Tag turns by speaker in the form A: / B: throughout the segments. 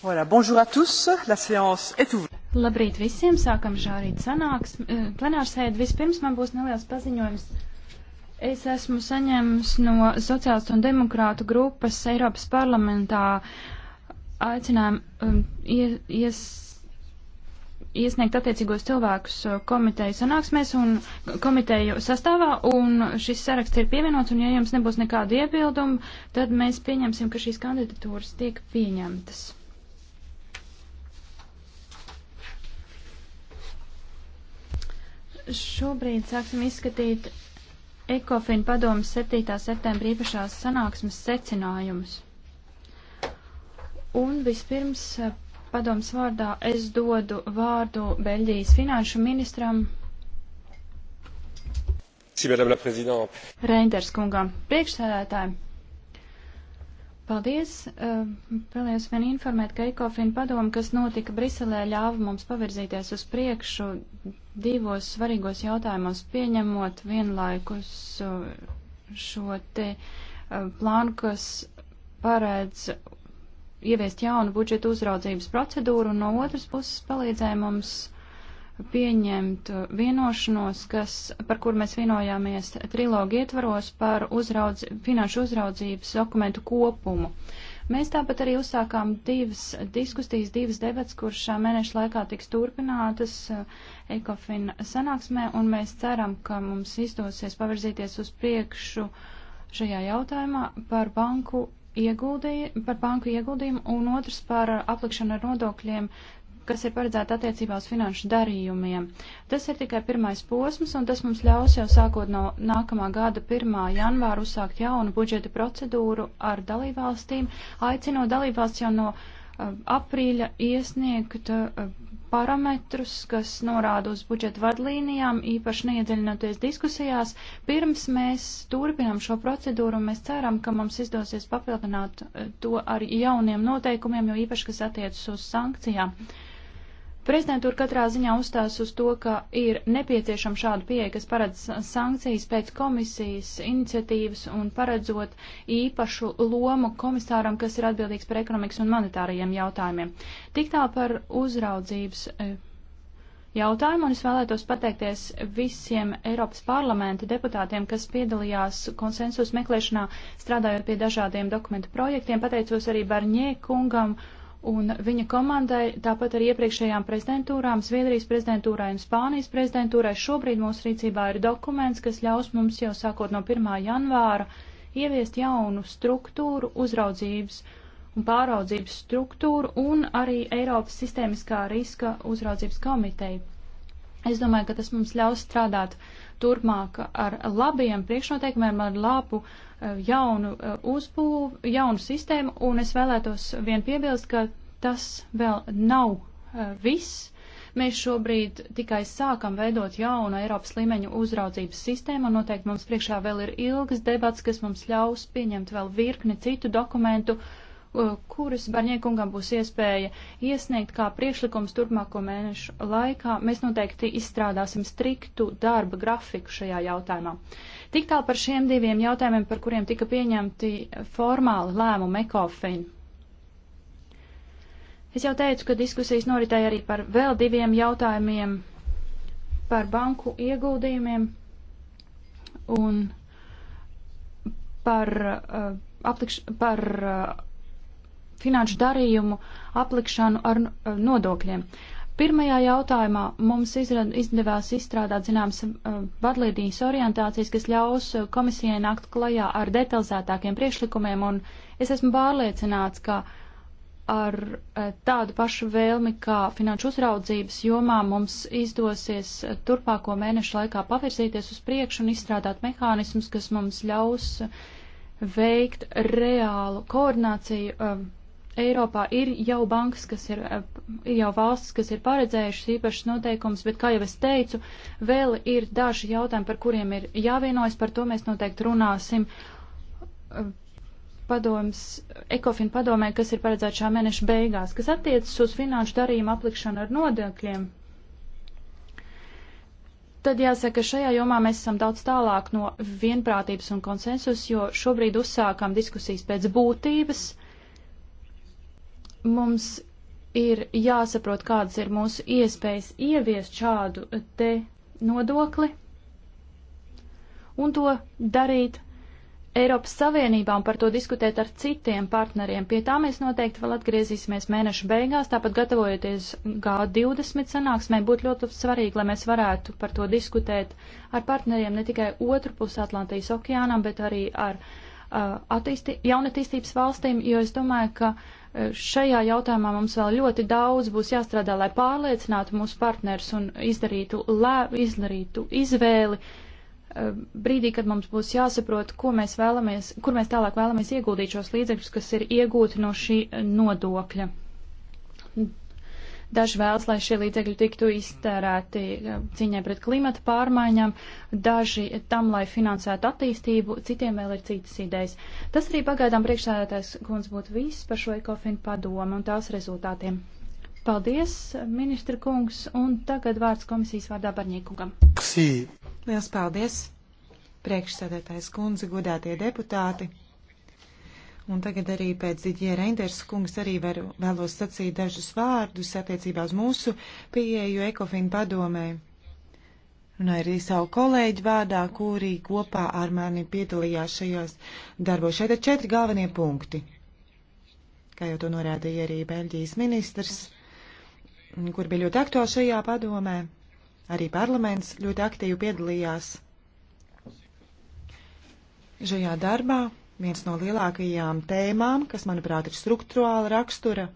A: Voilà, bonjour à tous, la séance est ouverte.
B: Labrīt visiem, sākam šārīt sanāks. Eh, Plenārsēd vispirms man būs neliels paziņojums. Es esmu saņēmis no sociālistu un demokrātu grupas Eiropas parlamentā aicinājumu um, ies, iesniegt attiecīgos cilvēkus uh, komiteju sanāksmēs un komiteju sastāvā, un šis saraksts ir pievienots, un ja jums nebūs nekādu iebildumu, tad mēs pieņemsim, ka šīs kandidatūras tiek pieņemtas. Šobrīd sāksim izskatīt Ekofin padomas 7. septembra īpašās sanāksmes secinājumus. Un vispirms eh, padomas vārdā es dodu vārdu Beļģijas finanšu ministram Reinders kungam, priekšsēdētājiem. Paldies! Eh, vēlējos vien informēt, ka ECOFIN padoma, kas notika Briselē, ļāva mums pavirzīties uz priekšu divos svarīgos jautājumos, pieņemot vienlaikus eh, šo te eh, plānu, kas paredz ieviest jaunu budžetu uzraudzības procedūru, un no otras puses palīdzēja mums pieņemt vienošanos, kas, par kur mēs vienojāmies trilogu ietvaros par uzraudz, finanšu uzraudzības dokumentu kopumu. Mēs tāpat arī uzsākām divas diskusijas, divas debats, kuras šā mēneša laikā tiks turpinātas ECOFIN sanāksmē, un mēs ceram, ka mums izdosies pavirzīties uz priekšu šajā jautājumā par banku ieguldījumu, par banku ieguldījumu un otrs par aplikšanu ar nodokļiem kas ir paredzēta attiecībā uz finanšu darījumiem. Tas ir tikai pirmais posms, un tas mums ļaus jau sākot no nākamā gada 1. janvāra uzsākt jaunu budžeta procedūru ar dalībvalstīm, aicinot dalībvalsts jau no uh, aprīļa iesniegt uh, parametrus, kas norāda uz budžeta vadlīnijām, īpaši neiedziļinoties diskusijās. Pirms mēs turpinām šo procedūru, mēs ceram, ka mums izdosies papildināt uh, to ar jauniem noteikumiem, jo īpaši, kas attiecas uz sankcijām. Uh, Prezidentūra katrā ziņā uzstās uz to, ka ir nepieciešama šāda pieeja, kas paredz sankcijas pēc komisijas iniciatīvas un paredzot īpašu lomu komisāram, kas ir atbildīgs par ekonomikas un monetārajiem jautājumiem. Tik tā par uzraudzības e, jautājumu, un es vēlētos pateikties visiem Eiropas parlamenta deputātiem, kas piedalījās konsensus meklēšanā, strādājot pie dažādiem dokumentu projektiem. Pateicos arī Barņē kungam un viņa komandai, tāpat arī iepriekšējām prezidentūrām, Zviedrijas prezidentūrai un Spānijas prezidentūrai, šobrīd mūsu rīcībā ir dokuments, kas ļaus mums jau sākot no 1. janvāra ieviest jaunu struktūru uzraudzības un pāraudzības struktūru un arī Eiropas sistēmiskā riska uzraudzības komiteju. Es domāju, ka tas mums ļaus strādāt turpmāk ar labiem priekšnoteikumiem, ar labu eh, jaunu eh, uzbūvu, jaunu sistēmu, un es vēlētos vien piebilst, ka tas vēl nav eh, viss. Mēs šobrīd tikai sākam veidot jaunu Eiropas līmeņu uzraudzības sistēmu, un noteikti mums priekšā vēl ir ilgas debats, kas mums ļaus pieņemt vēl virkni citu dokumentu, uh, kuras Barņiekungam būs iespēja iesniegt kā priekšlikums turpmāko mēnešu laikā. Mēs noteikti izstrādāsim striktu darba grafiku šajā jautājumā. Tik tālu par šiem diviem jautājumiem, par kuriem tika pieņemti formāli lēmumi ECOFIN. Es jau teicu, ka diskusijas noritēja arī par vēl diviem jautājumiem par banku ieguldījumiem un par, uh, aplikš, par uh, finanšu darījumu aplikšanu ar eh, nodokļiem. Pirmajā jautājumā mums izdevās izstrādāt zināmas eh, vadlīnijas orientācijas, kas ļaus eh, komisijai nākt klajā ar detalizētākiem priekšlikumiem, un es esmu pārliecināts, ka ar tādu pašu vēlmi kā finanšu uzraudzības jomā mums izdosies turpāko mēnešu laikā pavirzīties uz priekšu un izstrādāt mehānismus, kas mums ļaus veikt reālu koordināciju Eiropā ir jau bankas, kas ir, eh, ir jau valstis, kas ir paredzējušas īpašas noteikumus, bet, kā jau es teicu, vēl ir daži jautājumi, par kuriem ir jāvienojas, par to mēs noteikti runāsim eh, padoms, ekofin padomē, kas ir paredzēts šā mēneša beigās, kas attiecas uz finanšu darījumu aplikšanu ar nodokļiem. Tad jāsaka, šajā jomā mēs esam daudz tālāk no vienprātības un konsensus, jo šobrīd uzsākam diskusijas pēc būtības. Uh, mums ir jāsaprot, kādas ir mūsu iespējas ieviest šādu te nodokli un to darīt Eiropas Savienībā un par to diskutēt ar citiem partneriem. Pie tā mēs noteikti vēl atgriezīsimies mēneša beigās, tāpat gatavojoties G20 sanāksmē, būtu ļoti svarīgi, lai mēs varētu par to diskutēt ar partneriem ne tikai otru pusi Atlantijas okeānam, bet arī ar uh, Uh, attīsti, jaunatīstības valstīm, jo es domāju, ka uh, šajā jautājumā mums vēl ļoti daudz būs jāstrādā, lai pārliecinātu mūsu partners un izdarītu, lē, izdarītu izvēli uh, brīdī, kad mums būs jāsaprot, ko mēs vēlamies, kur mēs tālāk vēlamies ieguldīt šos līdzekļus, kas ir iegūti no šī nodokļa. Daži vēlas, lai šie līdzekļi tiktu iztērēti e, cīņai pret klimata pārmaiņām, daži tam, lai finansētu attīstību, citiem vēl ir citas idejas. Tas arī pagaidām priekšsēdētājs kundz būtu viss par šo ekofinu padomu un tās rezultātiem. Paldies,
A: ministra kungs, un tagad vārds komisijas vārdā Barņīkungam. Liels paldies, priekšsēdētājs kundze, godātie deputāti. Un tagad arī pēc Didier Reinders kungs arī varu, vēlos sacīt dažus vārdus attiecībā uz mūsu pieeju Ekofina padomē. Un arī savu kolēģi vārdā, kuri kopā ar mani piedalījās šajos darbos. Šeit ir četri galvenie punkti. Kā jau to norādīja arī Beļģijas ministrs, kur bija ļoti aktuāli šajā padomē. Arī parlaments ļoti aktīvi piedalījās šajā darbā Viens no lielākajām tēmām, kas, manuprāt, ir struktūrāla rakstura,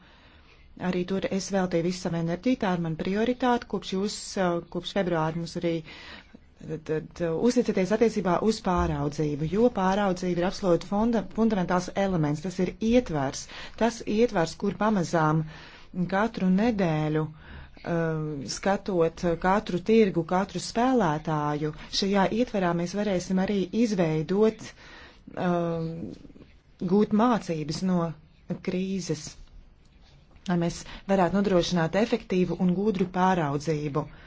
A: arī tur es veltīju visu savu enerģiju, tā ir man prioritāte, kopš jūs, eh, kopš februāra mums arī eh, uzticaties attiecībā uz pāraudzību, jo pāraudzība ir absolūti funda, fundamentāls elements, tas ir ietvers, tas ietvers, kur pamazām katru nedēļu uh, skatot katru tirgu, katru spēlētāju, šajā ietverā mēs varēsim arī izveidot uh, um, gūt mācības no krīzes, lai mēs varētu nodrošināt efektīvu un gudru pāraudzību. Uh,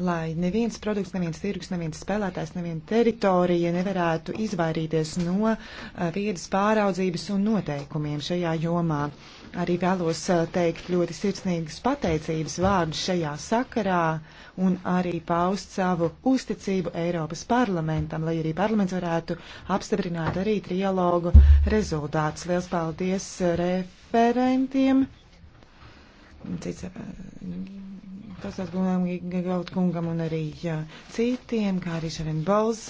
A: lai neviens produkts, neviens tirgus, neviens spēlētājs, neviena teritorija nevarētu izvairīties no viedas pāraudzības un noteikumiem šajā jomā. Arī vēlos teikt ļoti sirsnīgas pateicības vārdus šajā sakarā un arī paust savu uzticību Eiropas parlamentam, lai arī parlaments varētu apstiprināt arī trialogu rezultātus. Liels paldies referentiem! cits pasaules gulām Gaut kungam un arī jā, citiem, kā arī Šaren Bols,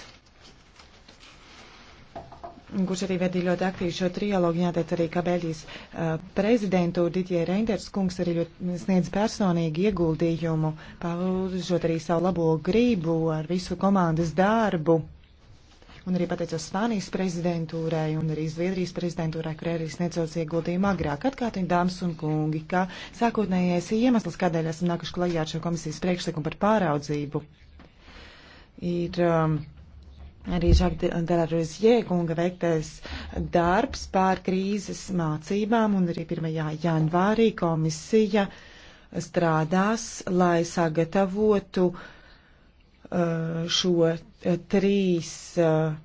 A: kurš arī vedīja ļoti aktīvi šo trialogu, jāteic arī, ka Beļģijas uh, prezidentu Didier Reinders kungs arī ļoti sniedz personīgi ieguldījumu, paužot arī savu labo grību ar visu komandas darbu un arī pateicos Spānijas prezidentūrai un arī Zviedrijas prezidentūrai, kur arī sniedzot ieguldījumu agrāk. Atkārtīgi, dāmas un kungi, ka sākotnējais iemesls, kādēļ esam nākuši klajā ar šo komisijas priekšlikumu par pāraudzību, ir um, arī Žaka Delarojas Jēgunga veiktais darbs pār krīzes mācībām un arī 1. janvārī komisija strādās, lai sagatavotu uh, šo trīs eh,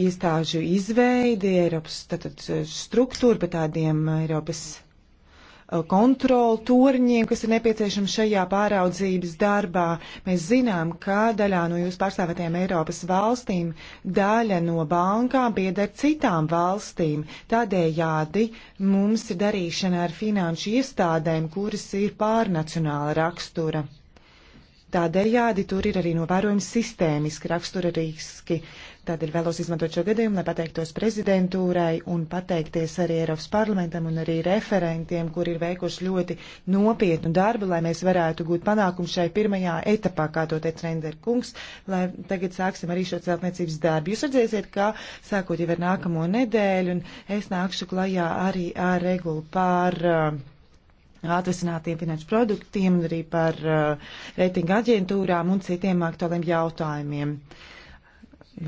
A: iestāžu izveidi, Eiropas tātad, struktūra par tādiem Eiropas eh, kontrolu torņiem, kas ir nepieciešami šajā pāraudzības darbā. Mēs zinām, ka daļā no jūsu pārstāvētajām Eiropas valstīm daļa no bankām pieder citām valstīm. Tādējādi mums ir darīšana ar finanšu iestādēm, kuras ir pārnacionāla rakstura. Tādējādi tur ir arī novērojami sistēmiski raksturīski. Tādēļ vēlos izmantot šo gadījumu, lai pateiktos prezidentūrai un pateikties arī Eiropas parlamentam un arī referentiem, kur ir veikuši ļoti nopietnu darbu, lai mēs varētu gūt panākumu šai pirmajā etapā, kā to teica Render kungs, lai tagad sāksim arī šo celtniecības darbu. Jūs redzēsiet, ka sākot jau ar nākamo nedēļu, un es nākšu klajā arī ar regulu pār. Uh, atvesinātiem finanšu produktiem un arī par uh, reitinga aģentūrām un citiem aktuāliem jautājumiem.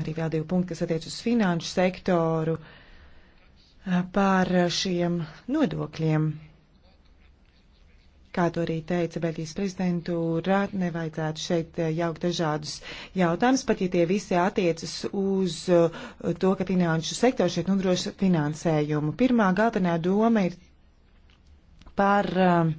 A: Arī vēl divi punkti, kas attiec uz finanšu sektoru uh, par šiem nodokļiem. Kā to arī teica Beļģijas prezidentūra, nevajadzētu šeit eh, jaukt dažādus jautājumus, pat ja tie visi attiecas uz to, ka finanšu sektors šeit nodrošina finansējumu. Pirmā galvenā doma ir par eh,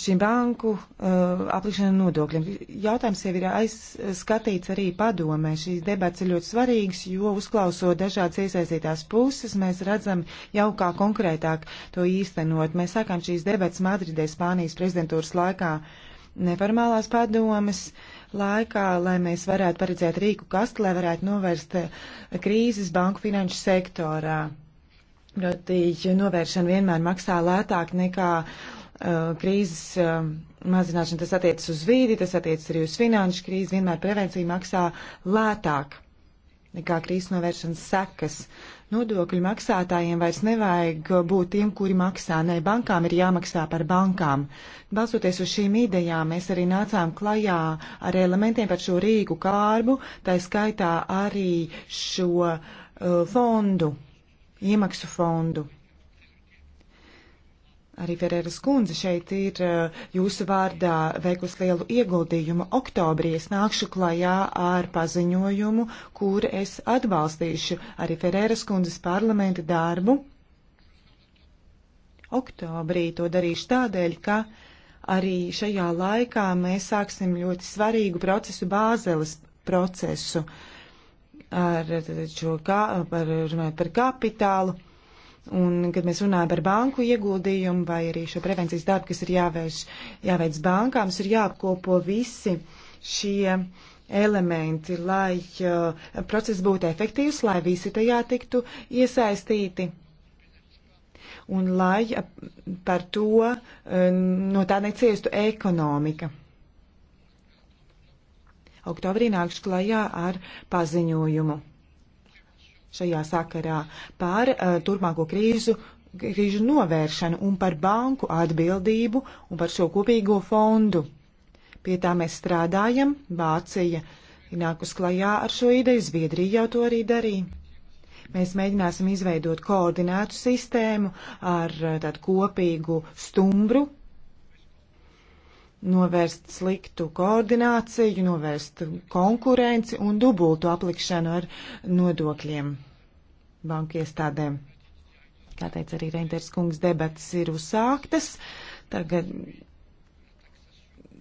A: šīm banku eh, aplikšanu nodokļiem. Jautājums jau ir aizskatīts arī padomē. Šīs debats ir ļoti svarīgs, jo uzklausot dažādas iesaistītās puses, mēs redzam jau kā konkrētāk to īstenot. Mēs sākām šīs debats Madridē Spānijas prezidentūras laikā neformālās padomas laikā, lai mēs varētu paredzēt rīku kastu, lai varētu novērst eh, krīzes banku finanšu sektorā. Proti, novēršana vienmēr maksā lētāk nekā uh, krīzes uh, mazināšana. Tas attiecas uz vīdi, tas attiecas arī uz finanšu krīzi. Vienmēr prevencija maksā lētāk nekā krīzes novēršanas sekas. Nodokļu maksātājiem vairs nevajag būt tiem, kuri maksā. Nē, bankām ir jāmaksā par bankām. Balsoties uz šīm idejām, mēs arī nācām klajā ar elementiem par šo rīku kārbu, tā skaitā arī šo uh, fondu iemaksu fondu. Arī Ferēras kundze šeit ir eh, jūsu vārdā veikus lielu ieguldījumu. Oktobrī es nākšu klajā ar paziņojumu, kur es atbalstīšu arī Ferēras kundzes parlamenta darbu. Oktobrī to darīšu tādēļ, ka arī šajā laikā mēs sāksim ļoti svarīgu procesu, bāzeles procesu. Uh, ar šo kā, par, runājot par kapitālu. Un, kad mēs runājam par banku ieguldījumu vai arī šo prevencijas darbu, kas ir jāveic, jāveic bankām, ir jāapkopo visi šie elementi, lai uh, process būtu efektīvs, lai visi tajā tiktu iesaistīti. Un lai uh, par to uh, no tā neciestu ekonomika. Oktobrī nākšu klajā ar paziņojumu šajā sakarā par uh, turpmāko krīzu, krīžu novēršanu un par banku atbildību un par šo kopīgo fondu. Pie tā mēs strādājam. Vācija ir nākus klajā ar šo ideju, Zviedrija jau to arī darīja. Mēs mēģināsim izveidot koordinētu sistēmu ar uh, tādu kopīgu stumbru novērst sliktu koordināciju, novērst konkurenci un dubultu aplikšanu ar nodokļiem banku iestādēm. Kā teica arī Reinters kungs, debatas ir uzsāktas. Tagad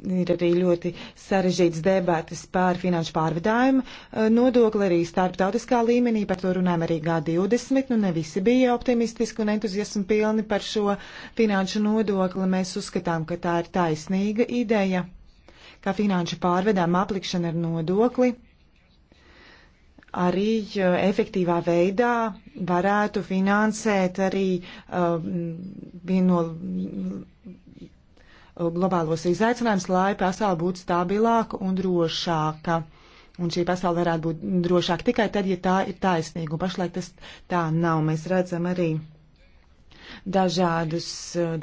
A: ir arī ļoti sarežģīts debatas pār finanšu pārvedājumu eh, nodokli arī starptautiskā līmenī. Par to runājam arī G20. Nu, ne visi bija optimistiski un entuziasmi pilni par šo finanšu nodokli. Mēs uzskatām, ka tā ir taisnīga ideja, ka finanšu pārvedājumu aplikšana ar nodokli arī eh, efektīvā veidā varētu finansēt arī uh, eh, vienu no globālos izaicinājumus, lai pasauli būtu stabilāka un drošāka. Un šī pasaule varētu būt drošāka tikai tad, ja tā ir taisnīga. Un pašlaik tas tā nav. Mēs redzam arī dažādus,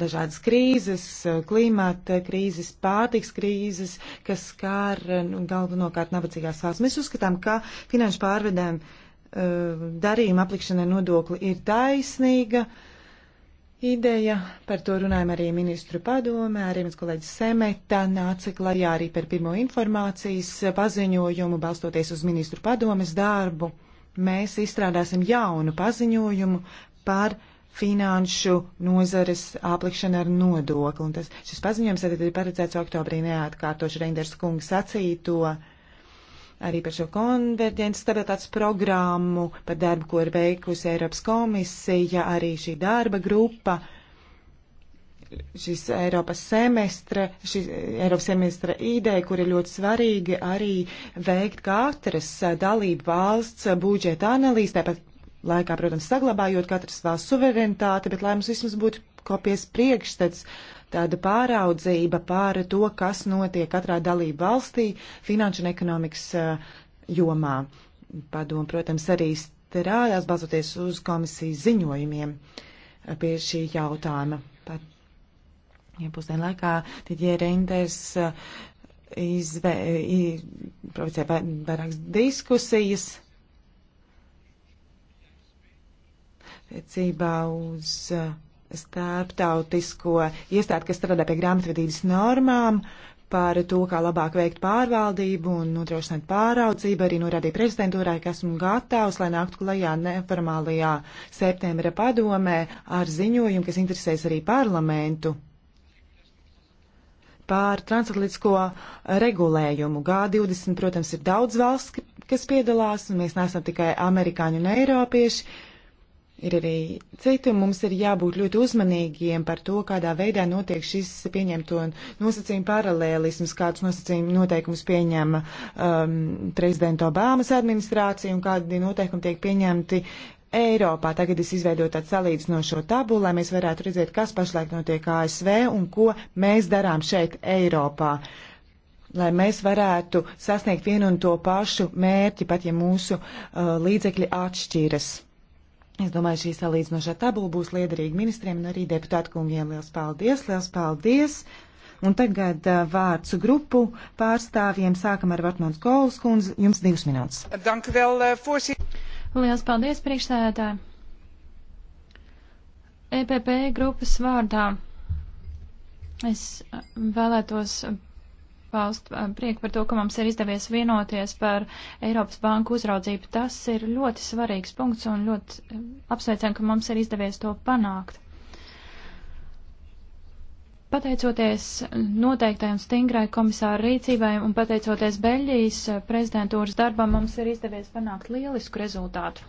A: dažādas krīzes, klimata krīzes, pārtiks krīzes, kas skār nu, galvenokārt nabadzīgās valsts. Mēs uzskatām, ka finanšu pārvedēm eh, darījuma aplikšanai nodokli ir taisnīga. Uh, ideja. Par to runājam arī ministru padomē, arī mans kolēģis Semeta nāca klajā arī par pirmo informācijas paziņojumu, balstoties uz ministru padomes darbu. Mēs izstrādāsim jaunu paziņojumu par finanšu nozares aplikšana ar nodokli. Un tas, šis paziņojums tad ir paredzēts oktobrī neatkārtoši Reinders kungs sacīja to arī par šo konverģences stabilitātes programmu, par darbu, ko ir veikusi Eiropas komisija, arī šī darba grupa, šis Eiropas semestra, šī Eiropas semestra ideja, kur ir ļoti svarīgi arī veikt katras dalību valsts budžeta analīzi, tāpat laikā, protams, saglabājot katras valsts suverenitāti, bet lai mums vismaz būtu kopies priekšstats tāda pāraudzība pār to, kas notiek katrā dalība valstī finanšu un ekonomikas eh, jomā. Padomu, protams, arī strādās balstoties uz komisijas ziņojumiem eh, pie šī jautājuma. Pat, ja pusdien laikā, tad ierindēs ja eh, izvē, provocē vairākas diskusijas. Tiecībā uz uh, starptautisko iestādi, kas strādā pie grāmatvedības normām, par to, kā labāk veikt pārvaldību un nodrošināt pāraudzību. Arī norādīja prezidentūrai, ka esmu gatavs, lai nāktu klajā neformālajā septembra padomē ar ziņojumu, kas interesēs arī parlamentu pār transatlantisko regulējumu. G20, protams, ir daudz valsts, kas piedalās, un mēs neesam tikai amerikāņi un eiropieši. Ir arī citi, un mums ir jābūt ļoti uzmanīgiem par to, kādā veidā notiek šis pieņemto nosacījumu paralēlisms, kādus nosacījumu noteikumus pieņem um, prezidenta Obamas administrācija un kādi noteikumi tiek pieņemti Eiropā. Tagad es izveidoju tādu salīdzinošo tabulu, lai mēs varētu redzēt, kas pašlaik notiek ASV un ko mēs darām šeit Eiropā. Lai mēs varētu sasniegt vienu un to pašu mērķi, pat ja mūsu uh, līdzekļi atšķiras. Es domāju, šī salīdzinošā tabula būs liederīga ministriem un arī deputātu kungiem. Liels paldies, liels paldies! Un tagad uh, vārds grupu pārstāvjiem. Sākam ar Vartmans Kolas kundzi. Jums divas minūtes.
B: Dank vēl, uh, forsi... Liels paldies, priekšsēdētāji! EPP grupas vārdā es eh, vēlētos paust eh, prieku par to, ka mums ir izdevies vienoties par Eiropas banku uzraudzību. Tas ir ļoti svarīgs punkts un ļoti eh, apsveicam, ka mums ir izdevies to panākt. Pateicoties noteiktai un stingrai komisāra rīcībai un pateicoties Beļģijas eh, prezidentūras darbam, mums ir izdevies panākt lielisku rezultātu.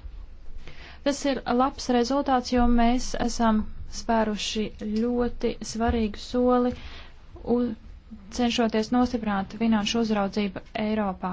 B: Tas ir labs rezultāts, jo mēs esam spēruši ļoti svarīgu soli cenšoties nostiprināt finanšu uzraudzību Eiropā.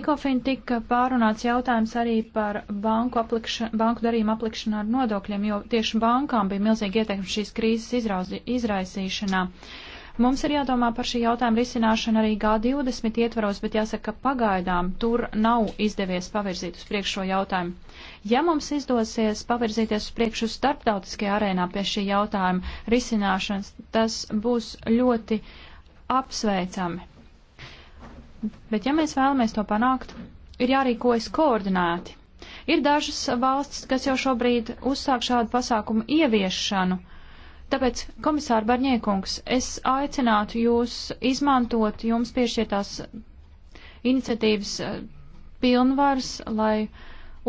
B: Ekofin tika pārunāts jautājums arī par banku, aplikša, banku darījumu aplikšanu ar nodokļiem, jo tieši bankām bija milzīgi ieteikumi šīs krīzes izrausī, izraisīšanā. Uh, Mums ir jādomā par šī jautājuma risināšanu arī G20 ietvaros, bet jāsaka, ka pagaidām tur nav izdevies pavirzīt uz priekšu šo jautājumu. Ja mums izdosies pavirzīties uz priekšu starptautiskajā arēnā pie šī jautājuma risināšanas, tas būs ļoti apsveicami. Bet ja mēs vēlamies to panākt, ir jārīkojas koordinēti. Ir dažas valstis, kas jau šobrīd uzsāk šādu pasākumu ieviešanu. Uh, Tāpēc, komisāra Barņiekungs, es aicinātu jūs izmantot jums piešķirtās iniciatīvas eh, pilnvaras, lai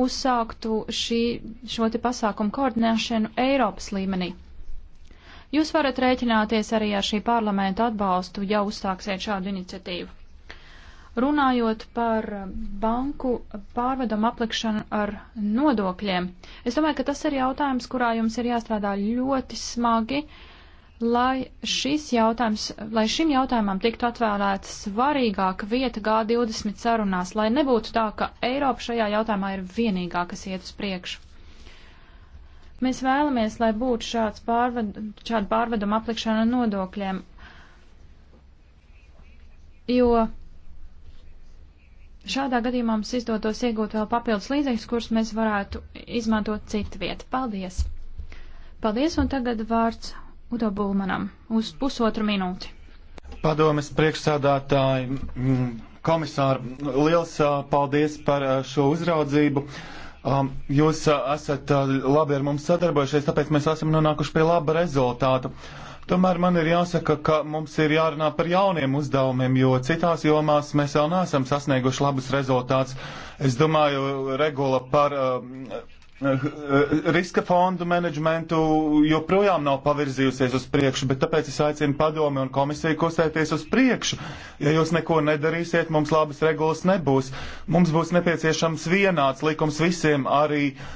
B: uzsāktu šī, šo te pasākumu koordinēšanu Eiropas līmenī. Jūs varat rēķināties arī ar šī parlamenta atbalstu, ja uzsāksiet šādu iniciatīvu. Runājot par banku pārvedumu aplikšanu ar nodokļiem, es domāju, ka tas ir jautājums, kurā jums ir jāstrādā ļoti smagi, lai, jautājums, lai šim jautājumam tiktu atvēlēta svarīgāka vieta G20 sarunās, lai nebūtu tā, ka Eiropa šajā jautājumā ir vienīgā, kas iet uz priekšu. Mēs vēlamies, lai būtu šāds pārved, šāda pārveduma aplikšana nodokļiem, jo Šādā gadījumā mums izdotos iegūt vēl papildus līdzekļus, kurus mēs varētu izmantot citu vietu. Paldies! Paldies, un tagad vārds Udo Bulmanam uz pusotru minūti.
C: Padomes priekšsādātāji, mm, komisāri, liels paldies par šo uzraudzību. Um, jūs uh, esat uh, labi ar mums sadarbojušies, tāpēc mēs esam nonākuši pie laba rezultāta. Uh, Tomēr man ir jāsaka, ka mums ir jārunā par jauniem uzdevumiem, jo citās jomās mēs vēl neesam sasnieguši labus rezultātus. Es domāju, regula par uh, riska fondu menedžmentu joprojām nav pavirzījusies uz priekšu, bet tāpēc es aicinu padomi un komisiju kustēties uz priekšu. Ja jūs neko nedarīsiet, mums labas regulas nebūs. Mums būs nepieciešams vienāds likums visiem arī. Uh,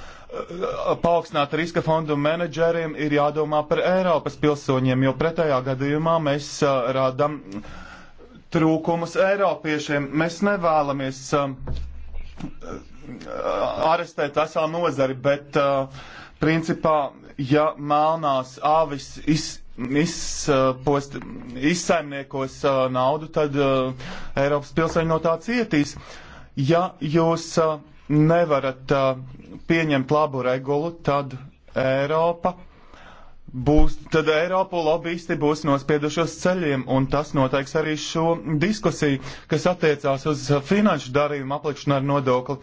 C: paaugstināt riska fondu menedžeriem ir jādomā par Eiropas pilsoņiem, jo pretējā gadījumā mēs uh, rādam trūkumus Eiropiešiem. Mēs nevēlamies uh, arestēt veselu nozari, bet uh, principā, ja melnās āvis iz, izpost, izsaimniekos naudu, tad Eiropas pilsoņi no tā cietīs. Ja jūs uh, nevarat pieņemt labu regulu, tad Eiropa būs, tad Eiropu lobbyisti būs nospiedušos ceļiem, un tas noteiks arī šo diskusiju, kas attiecās uz finanšu darījumu aplikšanu ar nodokli.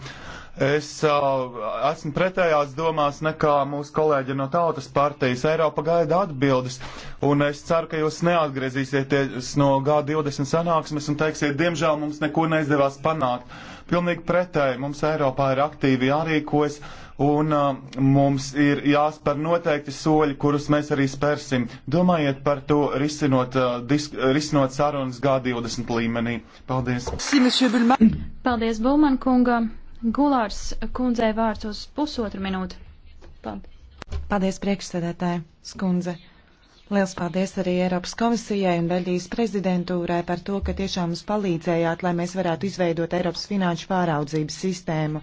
C: Es uh, esmu pretējās domās nekā mūsu kolēģi no Tautas partijas. Eiropa gaida atbildes, un es ceru, ka jūs neatgriezīsieties no G20 sanāksmes un teiksiet, diemžēl mums neko neizdevās panākt. Pilnīgi pretēji, mums Eiropā ir aktīvi jārīkojas, un uh, mums ir jāspēr noteikti soļi, kurus mēs arī spērsim. Domājiet par to, risinot, uh, disk, risinot sarunas G20 līmenī. Paldies!
B: Paldies, Bulman kungam! Gulārs kundzei vārds uz
A: pusotru minūti. Paldies, paldies priekšsēdētāji, skundze. Liels paldies arī Eiropas komisijai un Beļģijas prezidentūrai par to, ka tiešām mums palīdzējāt, lai mēs varētu izveidot Eiropas finanšu pāraudzības sistēmu.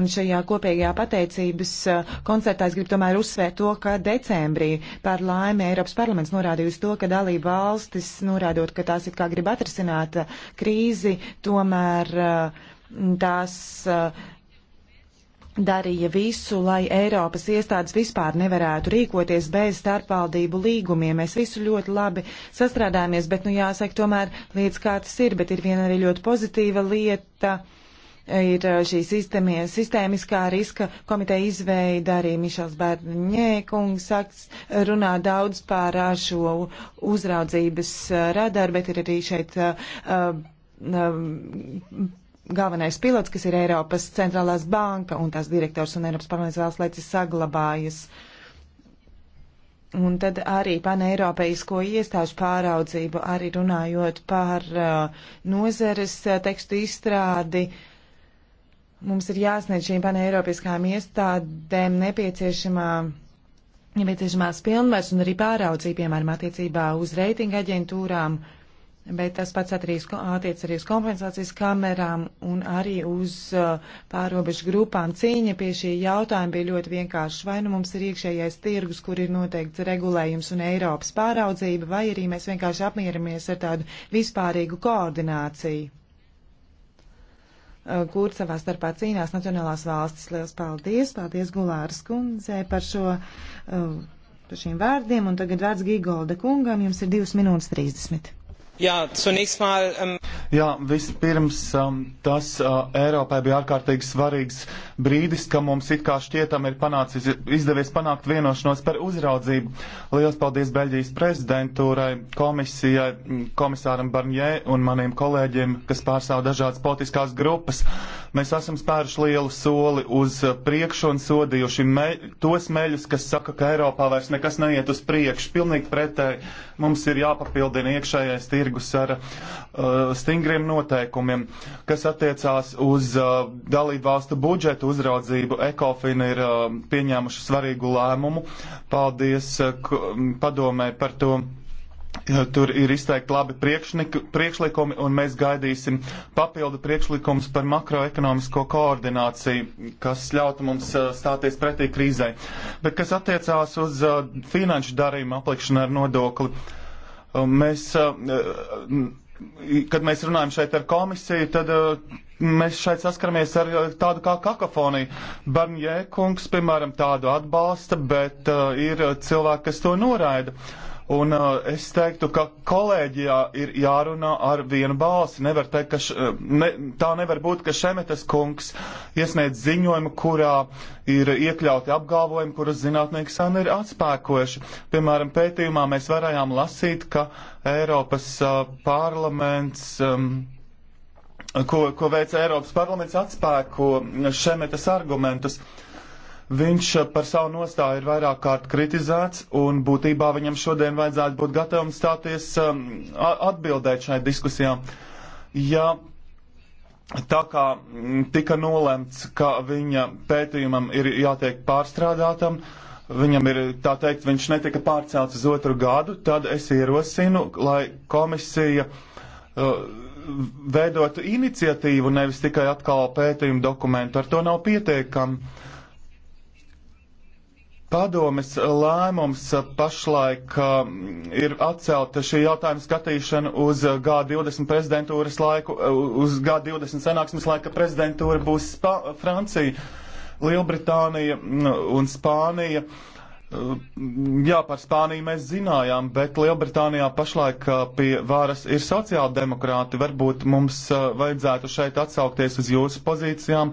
A: Un šajā kopējā pateicības eh, koncertā es gribu tomēr uzsvērt to, ka decembrī par laimi Eiropas parlaments norādīja uz to, ka dalība valstis, norādot, ka tās it kā grib atrisināt eh, krīzi, tomēr uh, Tās uh, darīja visu, lai Eiropas iestādes vispār nevarētu rīkoties bez starpvaldību līgumiem. Mēs visu ļoti labi sastrādājāmies, bet, nu, jāsaka, tomēr lietas kā tas ir, bet ir viena arī ļoti pozitīva lieta. Ir eh, šī sistēmie, sistēmiskā riska komiteja izveida arī Mišels Bērņēkungs, runā daudz par eh, šo uzraudzības radaru, bet ir arī šeit uh, uh, galvenais pilots, kas ir Eiropas centrālās banka un tās direktors un Eiropas parlaments vēlas, lai tas saglabājas. Un tad arī paneiropeisko iestāžu pāraudzību, arī runājot par uh, nozeres uh, tekstu izstrādi. Mums ir jāsniedz šīm paneiropeiskām iestādēm nepieciešamā nepieciešamās pilnvars un arī pāraudzība, piemēram, attiecībā uz reitinga aģentūrām. Uh, Bet tas pats attiec arī uz kompensācijas kamerām un arī uz uh, pārobežu grupām. Cīņa pie šī jautājuma bija ļoti vienkārša. Vai nu mums ir iekšējais tirgus, kur ir noteikts regulējums un Eiropas pāraudzība, vai arī mēs vienkārši apmieramies ar tādu vispārīgu koordināciju, uh, kur savā starpā cīnās nacionālās valstis. Liels paldies! Paldies Gulāras kundzei par šo. Uh, par šiem vārdiem, un tagad vārds Gigolda kungam, jums ir 2 minūtes 30.
C: Jā, zunächst mal. Um... Jā, vispirms um, tas uh, Eiropai bija ārkārtīgi svarīgs brīdis, ka mums it kā šķietam ir panācis, izdevies panākt vienošanos par uzraudzību. Lielas paldies Beļģijas prezidentūrai, komisijai, mm, komisāram Barņē un maniem kolēģiem, kas pārstāv dažādas politiskās grupas. Mēs esam spēruši lielu soli uz priekšu un sodījuši me tos meļus, kas saka, ka Eiropā vairs nekas neiet uz priekšu. Pilnīgi pretēji mums ir jāpapildina iekšējais tirgus ar uh, stingriem noteikumiem, kas attiecās uz uh, dalību valstu budžetu uzraudzību. Ekofina ir uh, pieņēmuši svarīgu lēmumu. Paldies uh, um, padomē par to. Tur ir izteikti labi priekšlikumi, un mēs gaidīsim papildu priekšlikumus par makroekonomisko koordināciju, kas ļautu mums stāties pretī krīzai. Bet kas attiecās uz finanšu darījumu aplikšanu ar nodokli, um, mēs, kad mēs runājam šeit ar komisiju, tad mēs šeit saskaramies ar tādu kā kakofoniju. Barņē kungs, piemēram, tādu atbalsta, bet ir cilvēki, kas to noraida. Un uh, es teiktu, ka kolēģijā ir jārunā ar vienu balsi. Nevar teikt, ka š, uh, ne, tā nevar būt, ka Šemetes kungs iesniedz ziņojumu, kurā ir iekļauti apgalvojumi, kurus zinātnieki sen ir atspēkojuši. Piemēram, pētījumā mēs varējām lasīt, ka Eiropas uh, parlaments. Um, Ko, ko veica Eiropas parlaments atspēko šemetas argumentus. Uh, Viņš eh, par savu nostāju ir vairāk kārt kritizēts, un būtībā viņam šodien vajadzētu būt gatavam stāties um, atbildēt šai diskusijām. Ja tā kā mm, tika nolemts, ka viņa pētījumam ir jātiek pārstrādātam, viņam ir tā teikt, viņš netika pārcelts uz otru gadu, tad es ierosinu, lai komisija uh, veidotu iniciatīvu, nevis tikai atkal pētījumu dokumentu. Ar to nav pietiekami. Padomis lēmums pašlaik uh, ir atcelta šī jautājuma skatīšana uz G20 prezidentūras laiku, uh, uz G20 sanāksmes laika prezidentūra būs Spa Francija, Lielbritānija mm, un Spānija. Uh, Jā, par Spāniju mēs zinājām, bet Lielbritānijā pašlaik pie varas ir sociāldemokrāti. Varbūt mums vajadzētu šeit atsaukties uz jūsu pozīcijām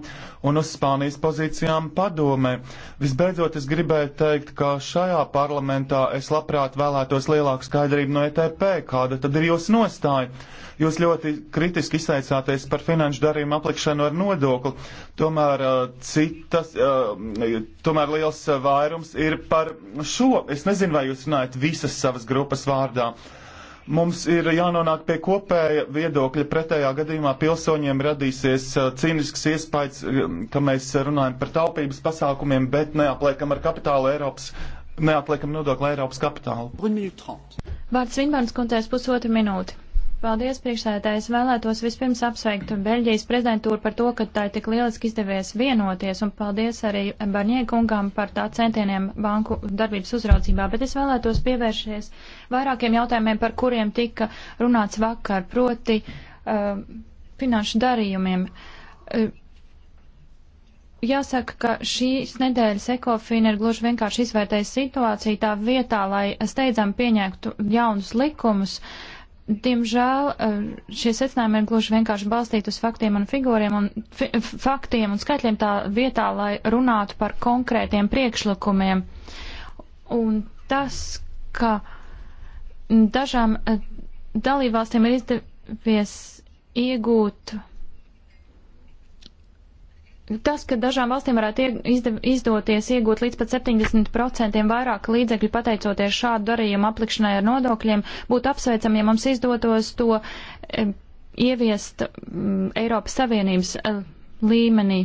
C: un uz Spānijas pozīcijām padomē. Visbeidzot, es gribēju teikt, ka šajā parlamentā es labprāt vēlētos lielāku skaidrību no ETP, kāda tad ir jūsu nostāja. Jūs ļoti kritiski izteicāties par finanšu darījumu aplikšanu ar nodokli, tomēr, uh, citas, uh, tomēr liels vairums ir par šo. Es nezinu, vai jūs runājat visas savas grupas vārdā mums ir jānonāk pie kopēja viedokļa. Pretējā gadījumā pilsoņiem radīsies uh, cīnisks iespējas, um, ka mēs runājam par taupības pasākumiem, bet neapliekam ar kapitālu Eiropas, neapliekam nodokli Eiropas kapitālu.
B: Vārds Vinbārns kundzēs pusotru minūti. Paldies, priekšsēdētājs. Vēlētos vispirms apsveikt Beļģijas prezidentūru par to, ka tā ir tik lieliski izdevies vienoties, un paldies arī Barņiekungam par tā centieniem banku darbības uzraudzībā. Bet es vēlētos pievēršies vairākiem jautājumiem, par kuriem tika runāts vakar, proti uh, finanšu darījumiem. Uh, Jāsaka, ka šīs nedēļas ekofīna ir gluži vienkārši izvērtējis situāciju tā vietā, lai steidzam pieņemtu jaunus likumus. Uh, Diemžēl eh, šie secinājumi ir gluži vienkārši balstīti uz faktiem un figūriem un fi faktiem un skaitļiem tā vietā, lai runātu par konkrētiem priekšlikumiem. Un tas, ka dažām eh, dalībvalstīm ir izdevies iegūt Tas, ka dažām valstīm varētu iegūt, izdoties iegūt līdz pat 70% vairāk līdzekļu pateicoties šādu darījumu aplikšanai ar nodokļiem, būtu apsveicami, ja mums izdotos to e, ieviest m, mm, Eiropas Savienības e, līmenī.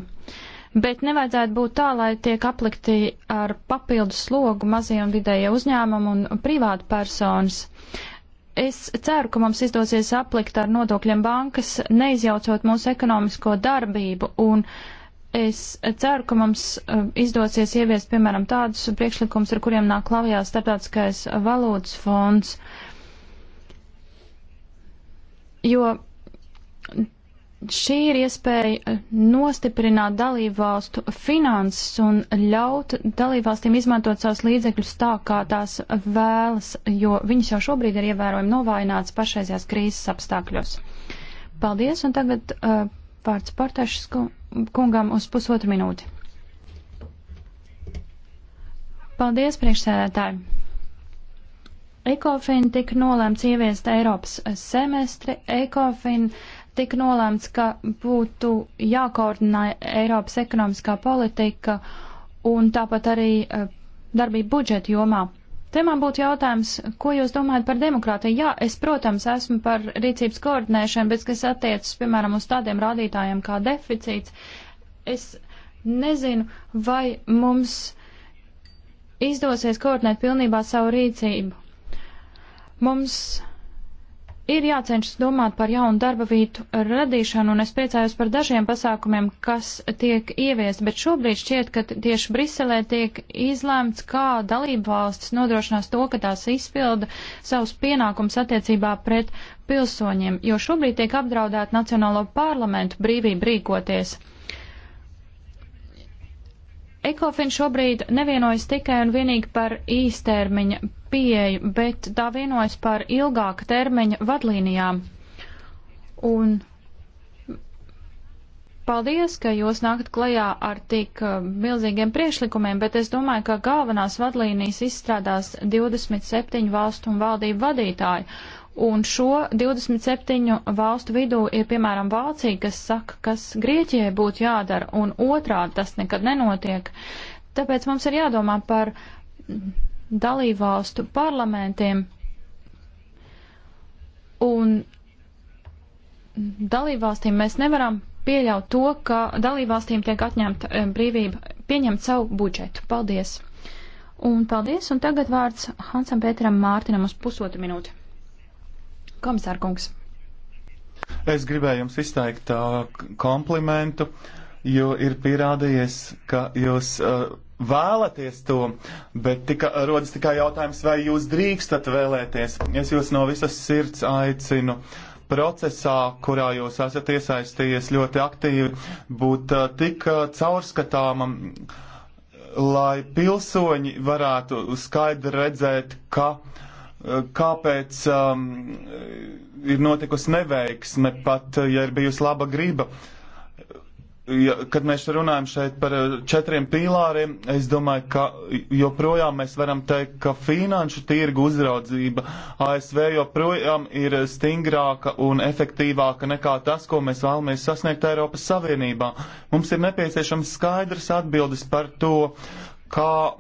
B: Bet nevajadzētu būt tā, lai tiek aplikti ar papildu slogu mazie un vidējie uzņēmumi un privātu personas. Es ceru, ka mums izdosies aplikt ar nodokļiem bankas, neizjaucot mūsu ekonomisko darbību un uh, Es ceru, ka mums uh, izdosies ieviest, piemēram, tādus priekšlikumus, ar kuriem nāk klavijā starptautiskais valūtas fonds, jo šī ir iespēja uh, nostiprināt dalībvalstu finanses un ļaut dalībvalstīm izmantot savus līdzekļus tā, kā tās vēlas, jo viņas jau šobrīd ir ievērojami novājināts pašreizējās krīzes apstākļos. Paldies, un tagad uh, vārds Portašs kungam uz pusotru minūti. Paldies, priekšsēdētāji! Ekofin tika nolēmts ieviest Eiropas semestri. Ekofin tika nolēmts, ka būtu jākoordinē Eiropas ekonomiskā politika un tāpat arī eh, darbība budžeta jomā. Te man būtu jautājums, ko jūs domājat par demokrātiju? Jā, es, protams, esmu par rīcības koordinēšanu, bet kas attiecas, piemēram, uz tādiem rādītājiem kā deficīts, es nezinu, vai mums izdosies koordinēt pilnībā savu rīcību. Mums ir jācenšas domāt par jaunu darba vietu radīšanu, un es priecājos par dažiem pasākumiem, kas tiek ieviest, bet šobrīd šķiet, ka tieši Briselē tiek izlēmts, kā dalība valstis nodrošinās to, ka tās izpilda savus pienākumus attiecībā pret pilsoņiem, jo šobrīd tiek apdraudēta Nacionālo parlamentu brīvība rīkoties. Ekofin šobrīd nevienojas tikai un vienīgi par īstermiņa pieeju, bet tā vienojas par ilgāka termiņa vadlīnijām. Un paldies, ka jūs nākat klajā ar tik uh, milzīgiem priešlikumiem, bet es domāju, ka galvenās vadlīnijas izstrādās 27 valstu un valdību vadītāji. Un šo 27 valstu vidū ir piemēram Vācija, kas saka, kas Grieķijai būtu jādara, un otrādi tas nekad nenotiek. Tāpēc mums ir jādomā par dalībvalstu parlamentiem. Un dalībvalstīm mēs nevaram pieļaut to, ka dalībvalstīm tiek atņemta eh, brīvība pieņemt savu budžetu. Paldies! Un paldies, un tagad vārds Hansam Pēteram Mārtinam uz pusotru minūti. Komisārkungs.
C: Es gribēju jums izteikt uh, komplimentu, jo ir pierādījies, ka jūs. Uh, vēlaties to, bet tika, rodas tikai jautājums, vai jūs drīkstat vēlēties. Es jūs no visas sirds aicinu procesā, kurā jūs esat iesaistījies ļoti aktīvi, būt uh, tik uh, caurskatāmam, lai pilsoņi varētu skaidri redzēt, ka uh, kāpēc um, ir notikusi neveiksme, pat ja ir bijusi laba griba. Uh, ja, kad mēs runājam šeit par eh, četriem pīlāriem, es domāju, ka joprojām mēs varam teikt, ka finanšu tirgu uzraudzība ASV joprojām ir stingrāka un efektīvāka nekā tas, ko mēs vēlamies sasniegt Eiropas Savienībā. Mums ir nepieciešams skaidrs atbildes par to, kā,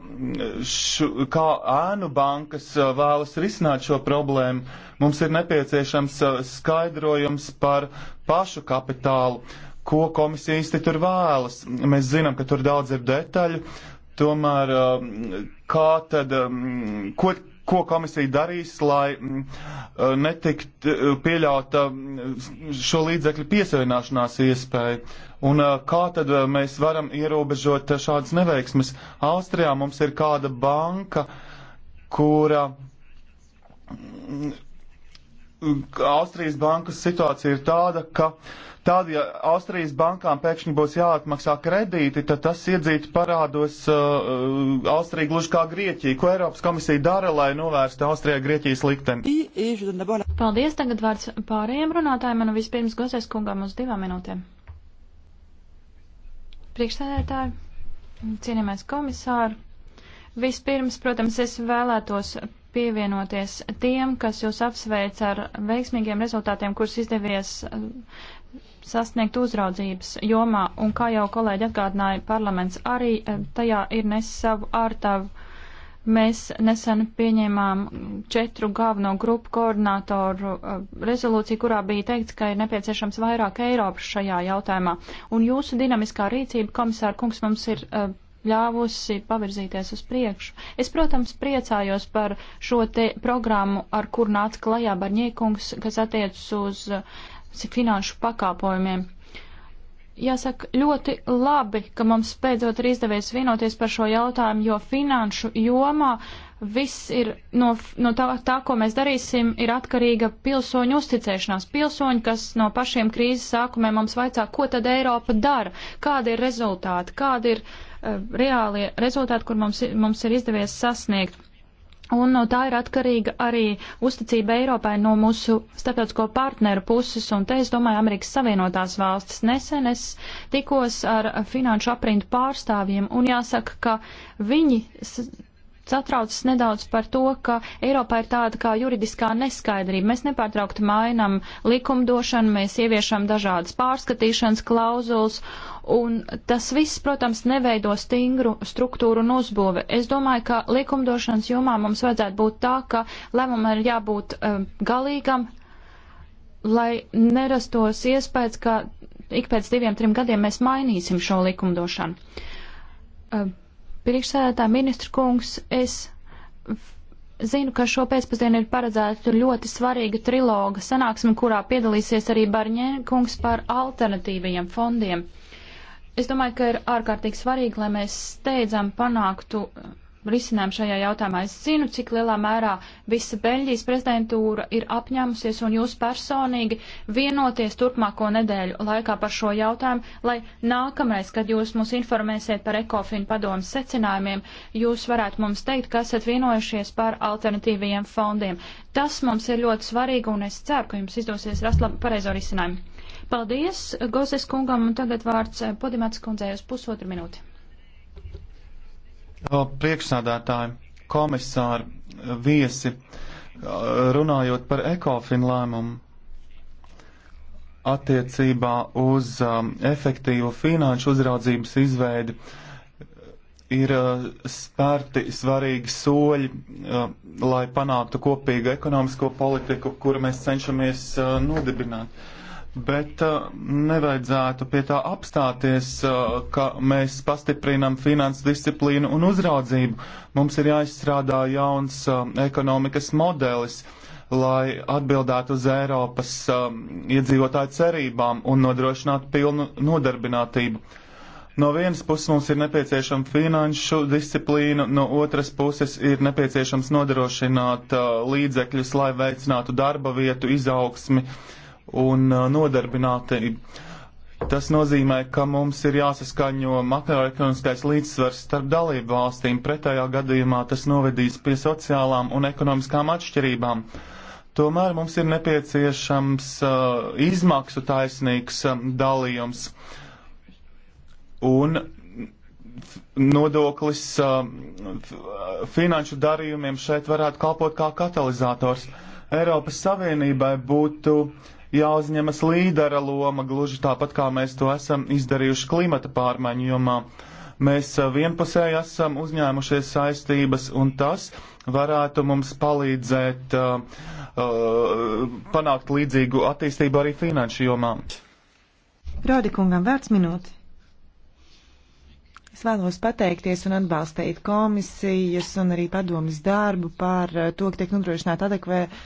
C: šu, kā ēnu bankas eh, vēlas risināt šo problēmu. Mums ir nepieciešams eh, skaidrojums par pašu kapitālu. Uh, ko komisija īsti tur vēlas. Mēs zinām, ka tur daudz ir detaļu, tomēr um, kā tad, um, ko, ko komisija darīs, lai um, uh, netikt uh, pieļauta šo līdzekļu piesavināšanās iespēja. Un uh, kā tad mēs varam ierobežot šādas neveiksmes? Austrijā mums ir kāda banka, kura. Mm, Austrijas bankas situācija ir tāda, ka uh, Tad, ja Austrijas bankām pēkšņi būs jāatmaksā kredīti, tad tas iedzīt parādos uh, uh, Austrija gluži kā Grieķija. Ko Eiropas komisija dara, lai novērstu Austrijai Grieķijas likteni?
B: Paldies, tagad vārds pārējiem runātājiem. Man vispirms gozēs kungam uz divām minūtēm. Priekšsēdētāji, cienījamais komisāri, vispirms, protams, es vēlētos pievienoties tiem, kas jūs apsveic ar veiksmīgiem rezultātiem, kurus izdevies sasniegt uzraudzības jomā, un kā jau kolēģi atgādināja, parlaments arī eh, tajā ir nes savu ārtavu. Mēs nesen pieņēmām četru galveno grupu koordinātoru eh, rezolūciju, kurā bija teikts, ka ir nepieciešams vairāk Eiropas šajā jautājumā. Un jūsu dinamiskā rīcība, komisāra kungs, mums ir eh, ļāvusi pavirzīties uz priekšu. Es, protams, priecājos par šo te programmu, ar kur nāca klajā Barņiekungs, kas attiecas uz uh, finanšu pakāpojumiem. Jāsaka, ļoti labi, ka mums beidzot ir izdevies vienoties par šo jautājumu, jo finanšu jomā viss ir no, no tā, tā, ko mēs darīsim, ir atkarīga pilsoņu uzticēšanās. Pilsoņi, kas no pašiem krīzes sākumiem mums vaicā, ko tad Eiropa dara, kādi ir rezultāti, kādi ir uh, reālie rezultāti, kur mums, mums ir izdevies sasniegt. Un no tā ir atkarīga arī uzticība Eiropai no mūsu starptautisko partneru puses, un te es domāju Amerikas Savienotās valstis. Nesen es tikos ar finanšu aprindu pārstāvjiem, un jāsaka, ka viņi satraucas nedaudz par to, ka Eiropā ir tāda kā juridiskā neskaidrība. Mēs nepārtraukti mainam likumdošanu, mēs ieviešam dažādas pārskatīšanas klauzulas, un tas viss, protams, neveido stingru struktūru un uzbūvi. Es domāju, ka likumdošanas jomā mums vajadzētu būt tā, ka lēmumam ir jābūt um, galīgam, lai nerastos iespējas, ka ik pēc diviem, trim gadiem mēs mainīsim šo likumdošanu. Um, Priekšsēdētā ministra kungs, es zinu, ka šo pēcpusdienu ir paredzēta ļoti svarīga triloga sanāksme, kurā piedalīsies arī Barņē kungs par alternatīvajiem fondiem. Es domāju, ka ir ārkārtīgi svarīgi, lai mēs steidzam panāktu risinājumu šajā jautājumā. Es zinu, cik lielā mērā visa Beļģijas prezidentūra ir apņēmusies un jūs personīgi vienoties turpmāko nedēļu laikā par šo jautājumu, lai nākamreiz, kad jūs mūs informēsiet par ekofinu padomas secinājumiem, jūs varētu mums teikt, ka esat vienojušies par alternatīvajiem fondiem. Tas mums ir ļoti svarīgi un es ceru, ka jums izdosies rast labu pareizo risinājumu. Paldies, Gozes kungam, un tagad vārds Podimats kundzei uz pusotru minūti.
C: Priekšsādātāji, komisāri, viesi, runājot par ekofin lēmumu attiecībā uz um, efektīvu finanšu uzraudzības izveidi, ir uh, spērti svarīgi soļi, uh, lai panāktu kopīgu ekonomisko politiku, kuru mēs cenšamies uh, nodibināt. Uh, Bet uh, nevajadzētu pie tā apstāties, uh, ka mēs pastiprinam finanses disciplīnu un uzraudzību. Mums ir jāizstrādā jauns uh, ekonomikas modelis, lai atbildētu uz Eiropas uh, iedzīvotāju cerībām un nodrošinātu pilnu nodarbinātību. No vienas puses mums ir nepieciešama finanšu disciplīna, no otras puses ir nepieciešams nodrošināt uh, līdzekļus, lai veicinātu darba vietu izaugsmi. Uh, un uh, nodarbinātību. Tas nozīmē, ka mums ir jāsaskaņo makroekonomiskais līdzsvars starp dalību valstīm, pretējā gadījumā tas novedīs pie sociālām un ekonomiskām atšķirībām. Tomēr mums ir nepieciešams uh, izmaksu taisnīgs um, dalījums un nodoklis uh, finanšu darījumiem šeit varētu kalpot kā katalizators. Eiropas Savienībai būtu uh, jāuzņemas līdera loma, gluži tāpat kā mēs to esam izdarījuši klimata pārmaiņu jomā. Mēs eh, vienpusēji esam uzņēmušies saistības, un tas varētu mums palīdzēt uh, uh, panākt līdzīgu attīstību arī finanšu jomā.
A: Rādikungam vērts minūti. Es vēlos pateikties un atbalstīt komisijas un arī padomas darbu par to, ka tiek nodrošināta adekvēta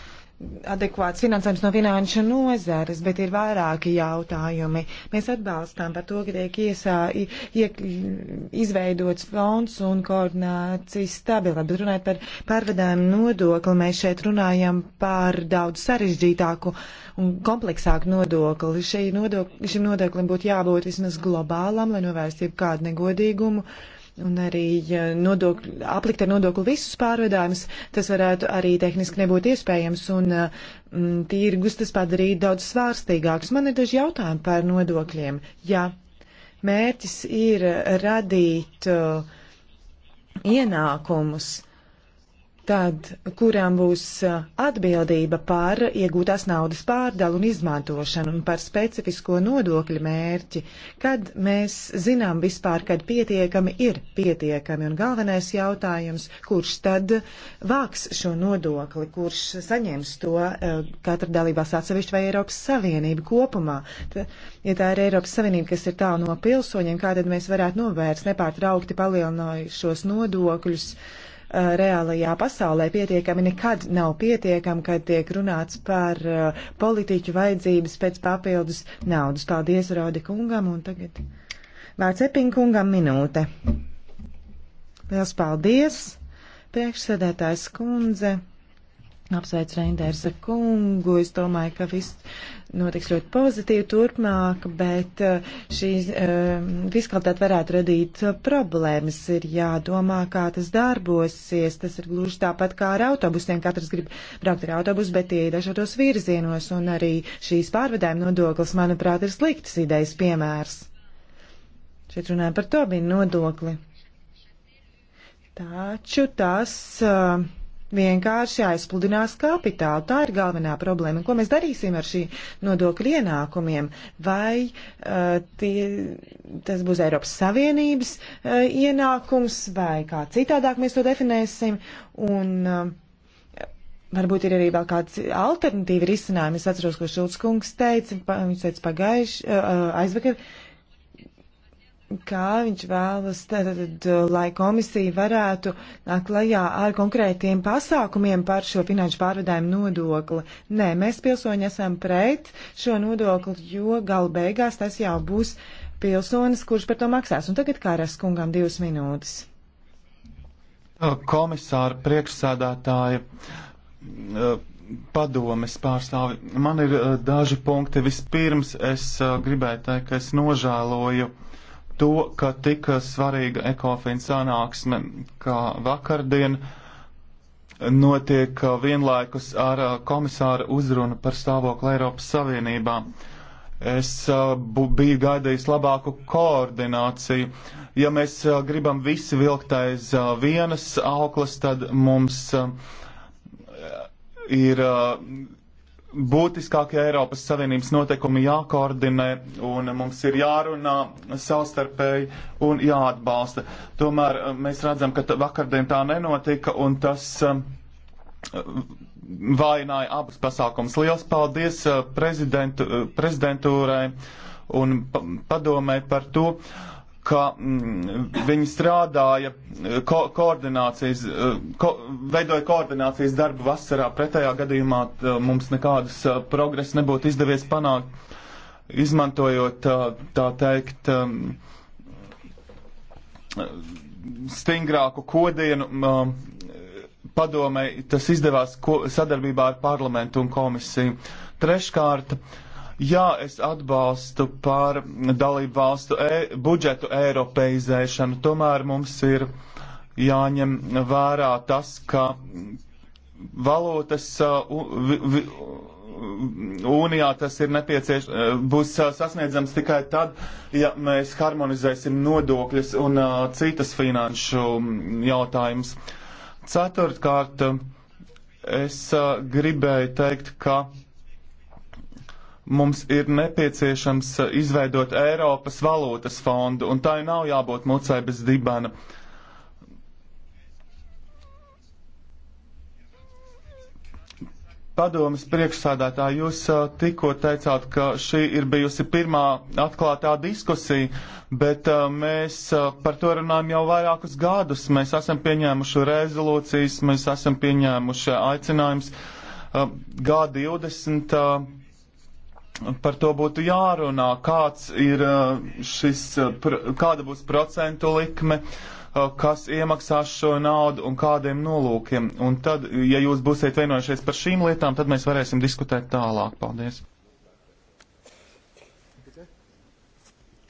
A: adekvāts finansējums no finanšu nozares, bet ir vairāki jautājumi. Mēs atbalstām par to, ka tiek iesā, iek, izveidots fonds un koordinācijas stabilā, bet runājot par pārvedājumu nodokli, mēs šeit runājam par daudz sarežģītāku un kompleksāku nodokli. Šī nodokli šim nodoklim būtu jābūt vismaz globālam, lai novērstu jebkādu negodīgumu. Uh, un arī nodokļu, aplikt ar nodokli visus pārvedājumus, tas varētu arī tehniski nebūt iespējams, un mm, uh, tīrgus tas padarītu daudz svārstīgākus. Man ir daži jautājumi par nodokļiem. Jā, mērķis ir radīt uh, ienākumus. Uh, tad kurām būs atbildība par iegūtās naudas pārdalu un izmantošanu un par specifisko nodokļu mērķi, kad mēs zinām vispār, kad pietiekami ir pietiekami. Un galvenais jautājums, kurš tad vāks šo nodokli, kurš saņems to katra dalībās atsevišķi vai Eiropas Savienība kopumā. Ja tā ir Eiropas Savienība, kas ir tālu no pilsoņiem, kā tad mēs varētu novērst nepārtraukti palielinošos nodokļus? Uh, Eh, reālajā pasaulē pietiekami nekad nav pietiekami, kad tiek runāts par eh, politiķu vajadzības pēc papildus naudas. Paldies Rodi kungam un tagad vārds Epinkungam minūte. Liels paldies, priekšsēdētājs kundze. Apsveic Reindersa kungu. Es domāju, ka viss notiks ļoti pozitīvi turpmāk, bet eh, šī uh, fiskalitāte varētu radīt eh, problēmas. Ir jādomā, kā tas darbosies. Tas ir gluži tāpat kā ar autobusiem. Katrs grib braukt ar autobusu, bet tie ir dažādos virzienos. Un arī šīs pārvadājuma nodoklis, manuprāt, ir sliktas idejas piemērs. Šeit runājam par Tobinu nodokli. Taču tas. Uh, vienkārši aizpludinās kapitālu. Tā ir galvenā problēma. Ko mēs darīsim ar šī nodokļu ienākumiem? Vai uh, tie, tas būs Eiropas Savienības uh, ienākums vai kā citādāk mēs to definēsim? Un, uh, Varbūt ir arī vēl kāds alternatīvi risinājumi. Es atceros, ko Šulc kungs teica, viņš teica pagājuši, uh, aizvakar, uh, kā viņš vēlas, tad, uh, lai komisija varētu nākt klajā ar konkrētiem pasākumiem par šo finanšu pārvadājumu nodokli. Nē, mēs pilsoņi esam pret šo nodokli, jo galu beigās tas jau būs pilsonis, kurš par to maksās. Un tagad kāras kungam divas minūtes.
C: Uh, komisāra priekšsēdētāja uh, padomes pārstāvi. Man ir uh, daži punkti. Vispirms es uh, gribēju teikt, ka es nožēloju uh, to, ka tik svarīga ekofina sanāksme kā vakardien notiek vienlaikus ar komisāra uzrunu par stāvokli Eiropas Savienībā. Es biju gaidījis labāku koordināciju. Ja mēs gribam visi vilkt aiz vienas auklas, tad mums ir būtiskākie Eiropas Savienības noteikumi jākoordinē un mums ir jārunā savstarpēji un jāatbalsta. Tomēr eh, mēs redzam, ka vakardien tā nenotika un tas eh, vaināja abus pasākums. Liels paldies eh, prezidentu, prezidentūrai un padomē par to ka mm, viņi strādāja eh, ko koordinācijas, eh, ko veidoja koordinācijas darbu vasarā, pretējā gadījumā tā, eh, mums nekādas progresa nebūtu izdevies panākt, izmantojot tā teikt stingrāku kodienu. Padomei tas izdevās ko, sadarbībā ar parlamentu un komisiju. Treškārt, uh, Jā, es atbalstu par dalību valstu e budžetu eiropeizēšanu. Tomēr mums ir jāņem vērā tas, ka valūtas uh, unijā tas ir nepieciešams, uh, būs uh, sasniedzams tikai tad, ja mēs harmonizēsim nodokļus un citas finanšu mm, jautājumus. Ceturtkārt, es gribēju teikt, ka mums ir nepieciešams uh, izveidot Eiropas valūtas fondu, un tai nav jābūt mucai bez dibana. Padomas priekšsādātā jūs uh, tikko teicāt, ka šī ir bijusi pirmā atklātā diskusija, bet uh, mēs par to runājam jau vairākus gadus. Mēs esam pieņēmuši rezolūcijas, mēs esam pieņēmuši aicinājums G20 par to būtu jārunā, kāds ir uh, šis, uh, kāda būs procentu likme, uh, kas iemaksās šo naudu un kādiem nolūkiem. Un tad, ja jūs būsiet vienojušies par šīm lietām, tad mēs varēsim diskutēt tālāk. Paldies!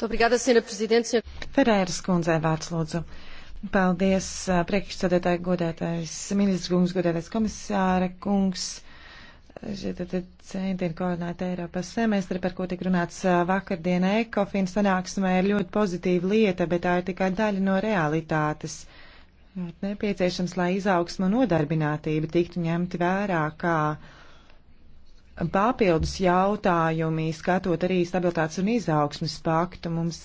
A: Obrigada, senhora Presidente. Senhora... Ferēras kundzei vārds lūdzu. Paldies, priekšsēdētāji, godētais ministrs kungs, godētais komisāra kungs. Šie centieni koordinēt Eiropas semestri, par ko tik runāts vakardien Ekofin sanāksmē, ir ļoti pozitīva lieta, bet tā ir tikai daļa no realitātes. Nepieciešams, lai izaugsma un nodarbinātība tiktu ņemti vērā kā papildus jautājumi, skatot arī stabilitātes un izaugsmas paktu. Mums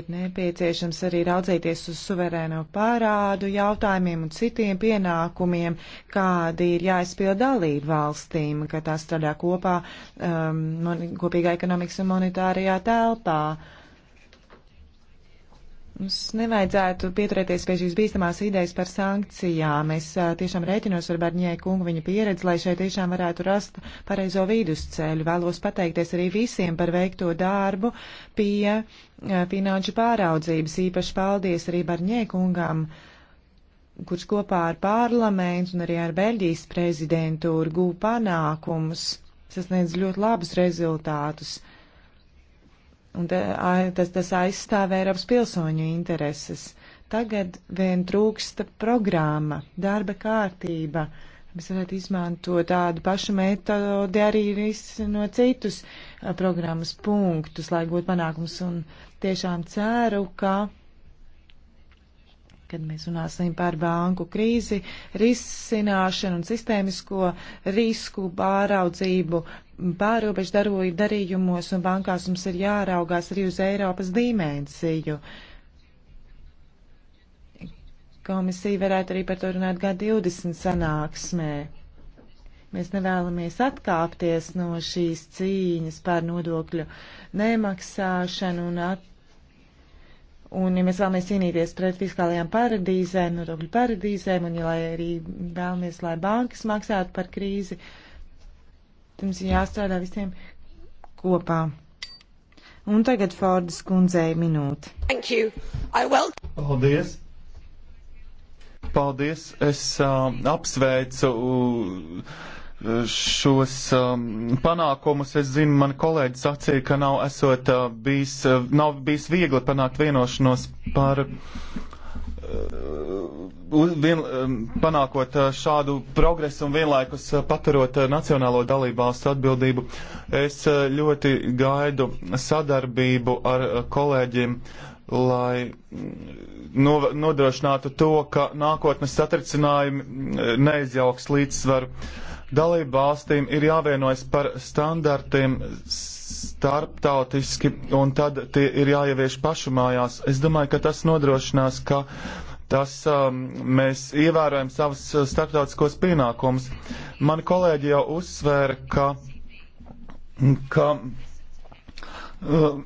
A: ir nepieciešams arī raudzīties uz suverēno pārādu jautājumiem un citiem pienākumiem, kādi ir jāizpild dalību valstīm, ka tās strādā kopā um, kopīgā ekonomikas un monetārajā telpā. Uh, Mums nevajadzētu pieturēties pie šīs bīstamās idejas par sankcijām. Es a, tiešām rēķinos ar Barņē kungu viņa pieredzi, lai šeit tiešām varētu rast pareizo vidusceļu. Vēlos pateikties arī visiem par veikto darbu pie a, finanšu pāraudzības. Īpaši paldies arī Barņē kungam, kurš kopā ar parlamentu un arī ar Beļģijas prezidentūru gūpa panākumus, sasniedz ļoti labus rezultātus. Un tas, tas aizstāv Eiropas pilsoņu intereses. Tagad vien trūksta programma, darba kārtība. Mēs varētu izmantot tādu pašu metodi arī no citus programmas punktus, lai gūtu panākums. Un tiešām ceru, ka, kad mēs runāsim par banku krīzi, risināšanu un sistēmisko risku pāraudzību, pārobežu daroju darījumos un bankās mums ir jāraugās arī uz Eiropas dimensiju. Komisija varētu arī par to runāt G20 sanāksmē. Mēs nevēlamies atkāpties no šīs cīņas par nodokļu nemaksāšanu un at Un, ja mēs vēlamies cīnīties pret fiskālajām paradīzēm, nodokļu paradīzēm, un ja lai arī vēlamies, lai bankas maksātu par krīzi, uh, Tam ir jāstrādā visiem kopā. Un tagad Fordas kundzei minūte. Will...
C: Paldies! Paldies! Es uh, apsveicu uh, šos um, panākumus. Es zinu, man kolēģi sacīja, ka nav, esot, uh, bijis, uh, nav bijis viegli panākt vienošanos par. Uh, Uh, uh, vien, um, panākot uh, šādu progresu un vienlaikus paturot nacionālo dalībvalstu atbildību, es ļoti gaidu sadarbību ar kolēģiem, lai mm, no, nodrošinātu to, ka nākotnes satricinājumi mm, neizjauks līdzsvaru. Dalībvalstīm ir jāvienojas par standartiem starptautiski, un tad tie ir jāievieš pašu mājās. Es domāju, ka tas nodrošinās, ka tas um, mēs ievērojam savus uh, starptautiskos pienākumus. Mani kolēģi jau uzsvēra, ka, ka um,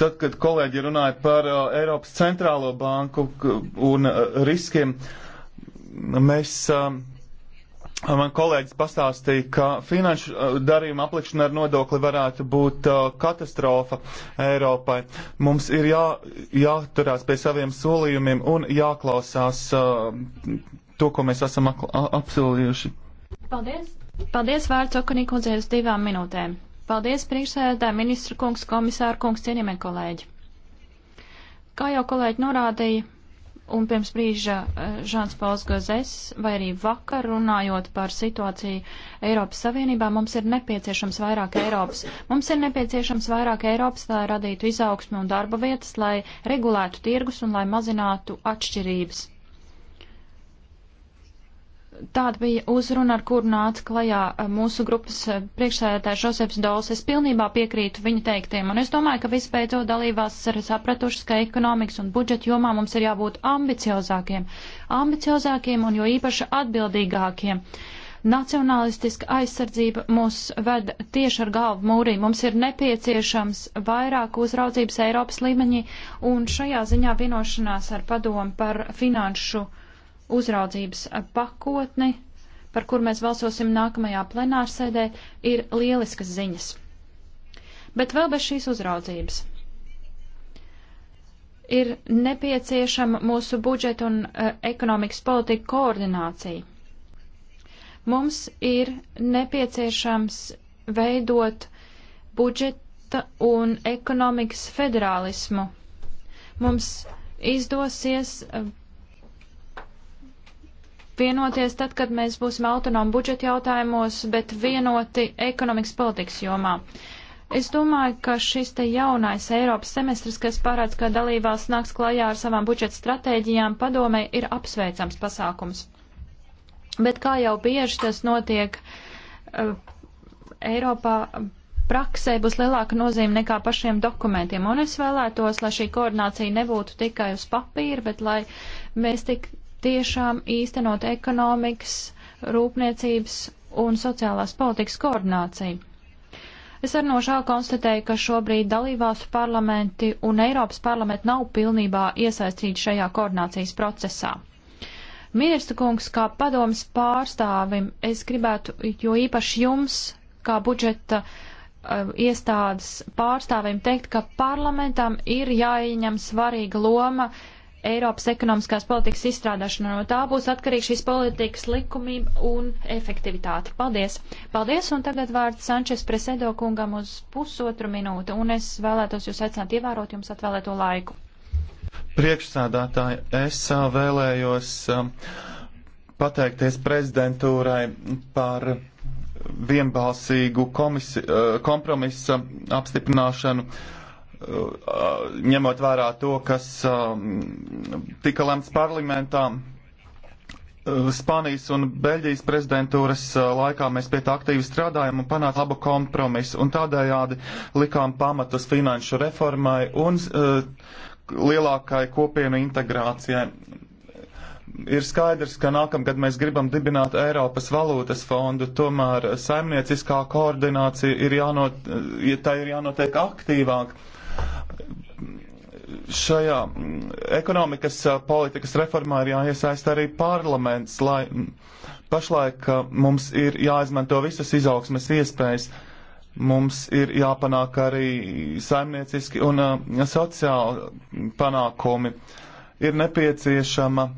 C: tad, kad kolēģi runāja par uh, Eiropas centrālo banku un uh, riskiem, mēs. Um, Man kolēģis pastāstīja, ka finanšu uh, darījuma aplikšana ar nodokli varētu būt uh, katastrofa Eiropai. Mums ir jā, jāturās pie saviem solījumiem un jāklausās uh, to, ko mēs esam apsolījuši.
B: Paldies! Paldies vārds Okanīkundzei uz divām minūtēm. Paldies priekšsēdētāji, ministra kungs, komisāra kungs, cienījamie kolēģi. Kā jau kolēģi norādīja, Un pirms brīža eh, Žāns Pauls Gozes vai arī vakar runājot par situāciju Eiropas Savienībā, mums ir nepieciešams vairāk Eiropas. Mums ir nepieciešams vairāk Eiropas, lai radītu izaugsmu un darba vietas, lai regulētu tirgus un lai mazinātu atšķirības. Tāda bija uzruna, ar kuru nāca klajā eh, mūsu grupas eh, priekšsēdētājs Žoseps Dols. Es pilnībā piekrītu viņa teiktiem, un es domāju, ka vispēcot dalībās ir sapratušas, ka ekonomikas un budžeta jomā mums ir jābūt ambiciozākiem, ambiciozākiem un jo īpaši atbildīgākiem. Nacionalistiska aizsardzība mūs ved tieši ar galvu mūrī. Mums ir nepieciešams vairāk uzraudzības Eiropas līmenī, un šajā ziņā vienošanās ar padomu par finanšu uh, uzraudzības pakotni, par kur mēs balsosim nākamajā plenārsēdē, ir lieliskas ziņas. Bet vēl bez šīs uzraudzības ir nepieciešama mūsu budžeta un uh, ekonomikas politika koordinācija. Mums ir nepieciešams veidot budžeta un ekonomikas federālismu. Mums izdosies uh, vienoties tad, kad mēs būsim autonomi budžeta jautājumos, bet vienoti ekonomikas politikas jomā. Es domāju, ka šis te jaunais Eiropas semestris, kas parāds, ka dalībās nāks klajā ar savām budžeta stratēģijām, padomē ir apsveicams pasākums. Bet kā jau bieži tas notiek, uh, Eiropā praksē būs lielāka nozīme nekā pašiem dokumentiem. Un es vēlētos, lai šī koordinācija nebūtu tikai uz papīra, bet lai mēs tik tiešām īstenot ekonomikas, rūpniecības un sociālās politikas koordināciju. Es ar nožēlu konstatēju, ka šobrīd dalībvalstu parlamenti un Eiropas parlamenti nav pilnībā iesaistīti šajā koordinācijas procesā. Ministra kungs, kā padomas pārstāvim, es gribētu, jo īpaši jums, kā budžeta uh, iestādes pārstāvim, teikt, ka parlamentam ir jāieņem svarīga loma uh, Eiropas ekonomiskās politikas izstrādāšanu. No tā būs atkarīga šīs politikas likumība un efektivitāte. Paldies! Paldies! Un tagad vārds Sančes Presedo kungam uz pusotru minūtu. Un es vēlētos jūs aicināt ievērot jums atvēlēto laiku.
C: Priekšsādātāji, es vēlējos pateikties prezidentūrai par vienbalsīgu komisi, kompromisa apstiprināšanu Uh, ņemot vērā to, kas um, tika lemts parlamentā. Uh, Spānijas un Beļģijas prezidentūras uh, laikā mēs pie tā aktīvi strādājam un panāk labu kompromisu, un tādējādi likām pamatus finanšu reformai un uh, lielākai kopienu integrācijai. Ir skaidrs, ka nākamgad mēs gribam dibināt Eiropas valūtas fondu, tomēr saimnieciskā koordinācija ir jānot, ja tā ir jānotiek aktīvāk. Uh, Šajā mm, ekonomikas politikas reformā ir jāiesaista arī parlaments, lai mm, pašlaik mums ir jāizmanto visas izaugsmes iespējas. Mums ir jāpanāk arī saimnieciski un uh, sociāli panākumi. Ir nepieciešama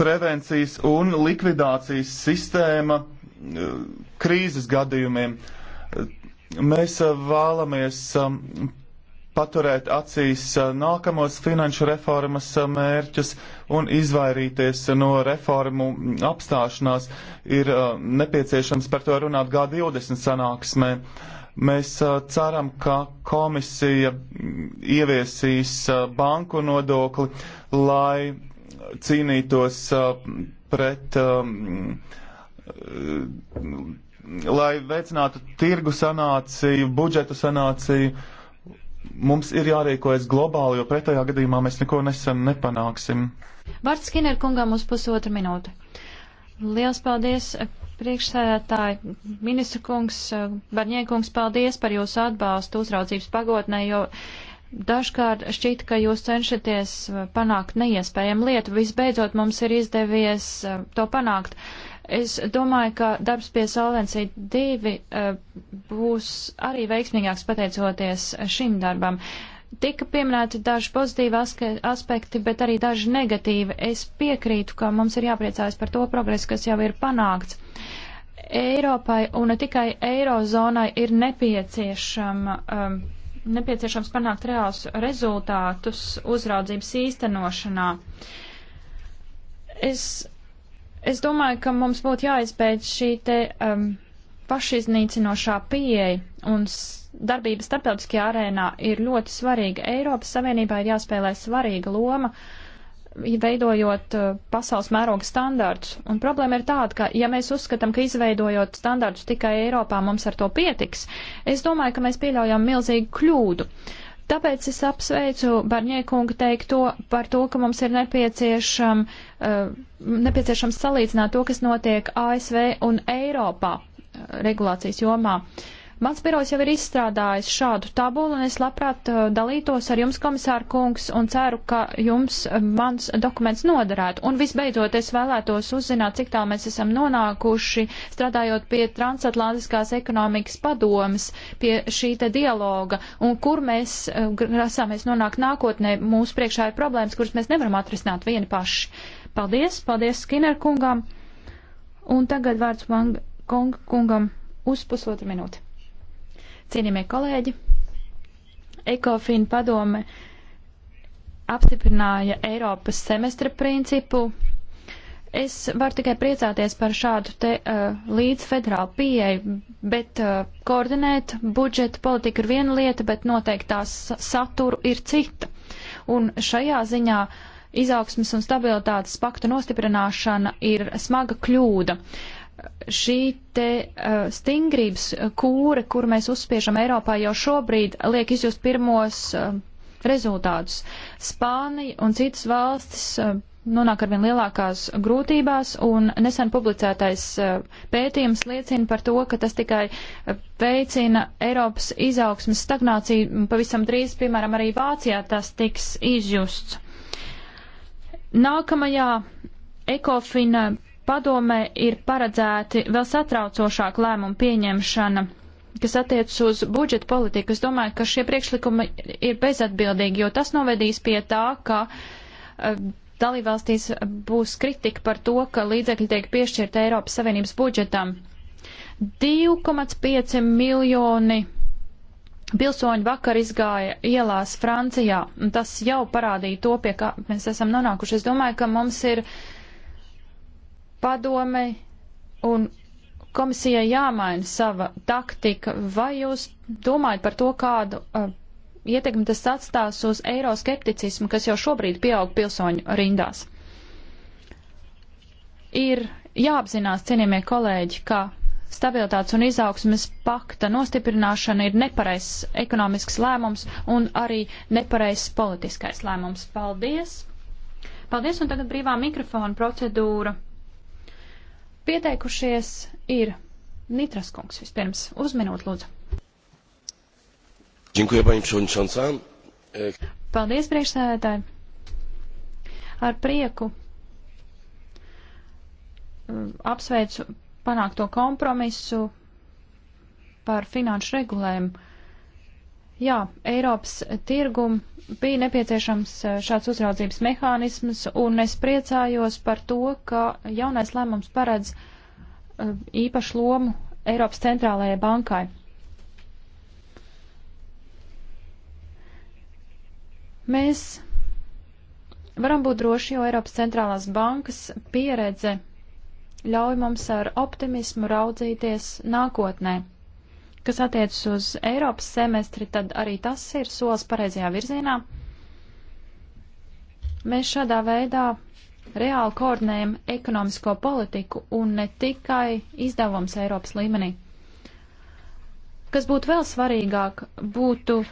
C: prevencijas un likvidācijas sistēma krīzes gadījumiem. Mēs eh, vēlamies um, paturēt acīs eh, nākamos finanšu reformas eh, mērķus un izvairīties no reformu mm, apstāšanās. Ir nepieciešams par to runāt G20 sanāksmē. Mēs ceram, ka komisija mm, ieviesīs banku nodokli, lai cīnītos pret mm, lai veicinātu tirgu sanāciju, budžetu sanāciju, mums ir jārīkojas globāli, jo pretējā gadījumā mēs neko nesam nepanāksim.
B: Vārds Skinner kungam uz pusotru minūti. Liels paldies, eh, priekšsēdētāji, ministra kungs, eh, barņiekungs, paldies par jūsu atbalstu uzraudzības pagotnē, jo dažkārt šķiet, ka jūs cenšaties eh, panākt neiespējamu lietu. Visbeidzot, mums ir izdevies to panākt. Uh, Es domāju, ka darbs pie Solvencija 2 eh, būs arī veiksmīgāks pateicoties šim darbam. Tika pieminēti daži pozitīvi aspekti, bet arī daži negatīvi. Es piekrītu, ka mums ir jāpriecājas par to progresu, kas jau ir panākts. Eiropai un ne tikai Eirozonai ir nepieciešama. Um, nepieciešams panākt reāls rezultātus uzraudzības īstenošanā. Es Es domāju, ka mums būtu jāizbeidz šī te um, pašiznīcinošā pieeja un darbība starptautiskajā arēnā ir ļoti svarīga. Eiropas Savienībā ir jāspēlē svarīga loma, veidojot uh, pasaules mēroga standārts. Un problēma ir tāda, ka ja mēs uzskatām, ka izveidojot standārtus tikai Eiropā, mums ar to pietiks, es domāju, ka mēs pieļaujam milzīgu kļūdu. Uh, Tāpēc es apsveicu Barņēkungu teikto par to, ka mums ir nepieciešam, uh, nepieciešams salīdzināt to, kas notiek ASV un Eiropā eh, regulācijas jomā. Uh, Mans birojs jau ir izstrādājis šādu tabulu, un es labprāt uh, dalītos ar jums, komisāra kungs, un ceru, ka jums uh, mans dokuments noderētu. Un visbeidzot, es vēlētos uzzināt, cik tā mēs esam nonākuši, strādājot pie transatlantiskās ekonomikas padomas, pie šī te dialoga, un kur mēs uh, grasāmies nonākt nākotnē. Mūsu priekšā ir problēmas, kuras mēs nevaram atrisināt vieni paši. Paldies, paldies Skinner kungam, un tagad vārds Vang Kong kungam uz pusotru minūti. Cienījamie kolēģi, ECOFIN padome apstiprināja Eiropas semestra principu. Es varu tikai priecāties par šādu te uh, eh, līdzfederālu pieeju, bet uh, koordinēt budžeta politiku ir viena lieta, bet noteikti tās saturu ir cita. Un šajā ziņā izaugsmas un stabilitātes pakta nostiprināšana ir smaga kļūda. Uh, šī te uh, stingrības kūra, kur mēs uzspiežam Eiropā jau šobrīd, liek izjust pirmos uh, rezultātus. Spānija un citas valstis uh, nonāk arvien lielākās grūtībās, un nesen publicētais uh, pētījums liecina par to, ka tas tikai uh, veicina Eiropas izaugsmas stagnāciju. Pavisam drīz, piemēram, arī Vācijā tas tiks izjusts. Nākamajā ekofina padomē ir paredzēti vēl satraucošāk lēmumu pieņemšana, kas attiecas uz budžeta politiku. Es domāju, ka šie priekšlikumi ir bezatbildīgi, jo tas novedīs pie tā, ka uh, dalībvalstīs būs kritika par to, ka līdzekļi tiek piešķirta Eiropas Savienības budžetam. 2,5 miljoni pilsoņi vakar izgāja ielās Francijā, un tas jau parādīja to, pie kā mēs esam nonākuši. Es domāju, ka mums ir uh, padomei un komisijai jāmaina sava taktika. Vai jūs domājat par to, kādu uh, ietekmi tas atstās uz eiroskepticismu, kas jau šobrīd pieaug pilsoņu rindās? Ir jāapzinās, cienījamie kolēģi, ka stabilitātes un izaugsmes pakta nostiprināšana ir nepareizs ekonomisks lēmums un arī nepareizs politiskais lēmums. Paldies! Paldies, un tagad brīvā mikrofona procedūra. Pieteikušies ir Nitras kungs vispirms. Uz minūti, lūdzu. Dziękuję, pani przewodnicząca. Paldies, priekšsēdētāji. Ar prieku mm, apsveicu panākto kompromisu par finanšu regulējumu Jā, Eiropas tirgum bija nepieciešams e, šāds uzraudzības mehānisms, un es priecājos par to, ka jaunais lēmums paredz e, īpašu lomu Eiropas centrālajai bankai. Mēs varam būt droši, jo Eiropas centrālās bankas pieredze ļauj mums ar optimismu raudzīties nākotnē. Kas attiecas uz Eiropas semestri, tad arī tas ir solis pareizajā virzienā. Mēs šādā veidā reāli koordinējam ekonomisko politiku un ne tikai izdevums Eiropas līmenī. Kas būtu vēl svarīgāk, būtu e,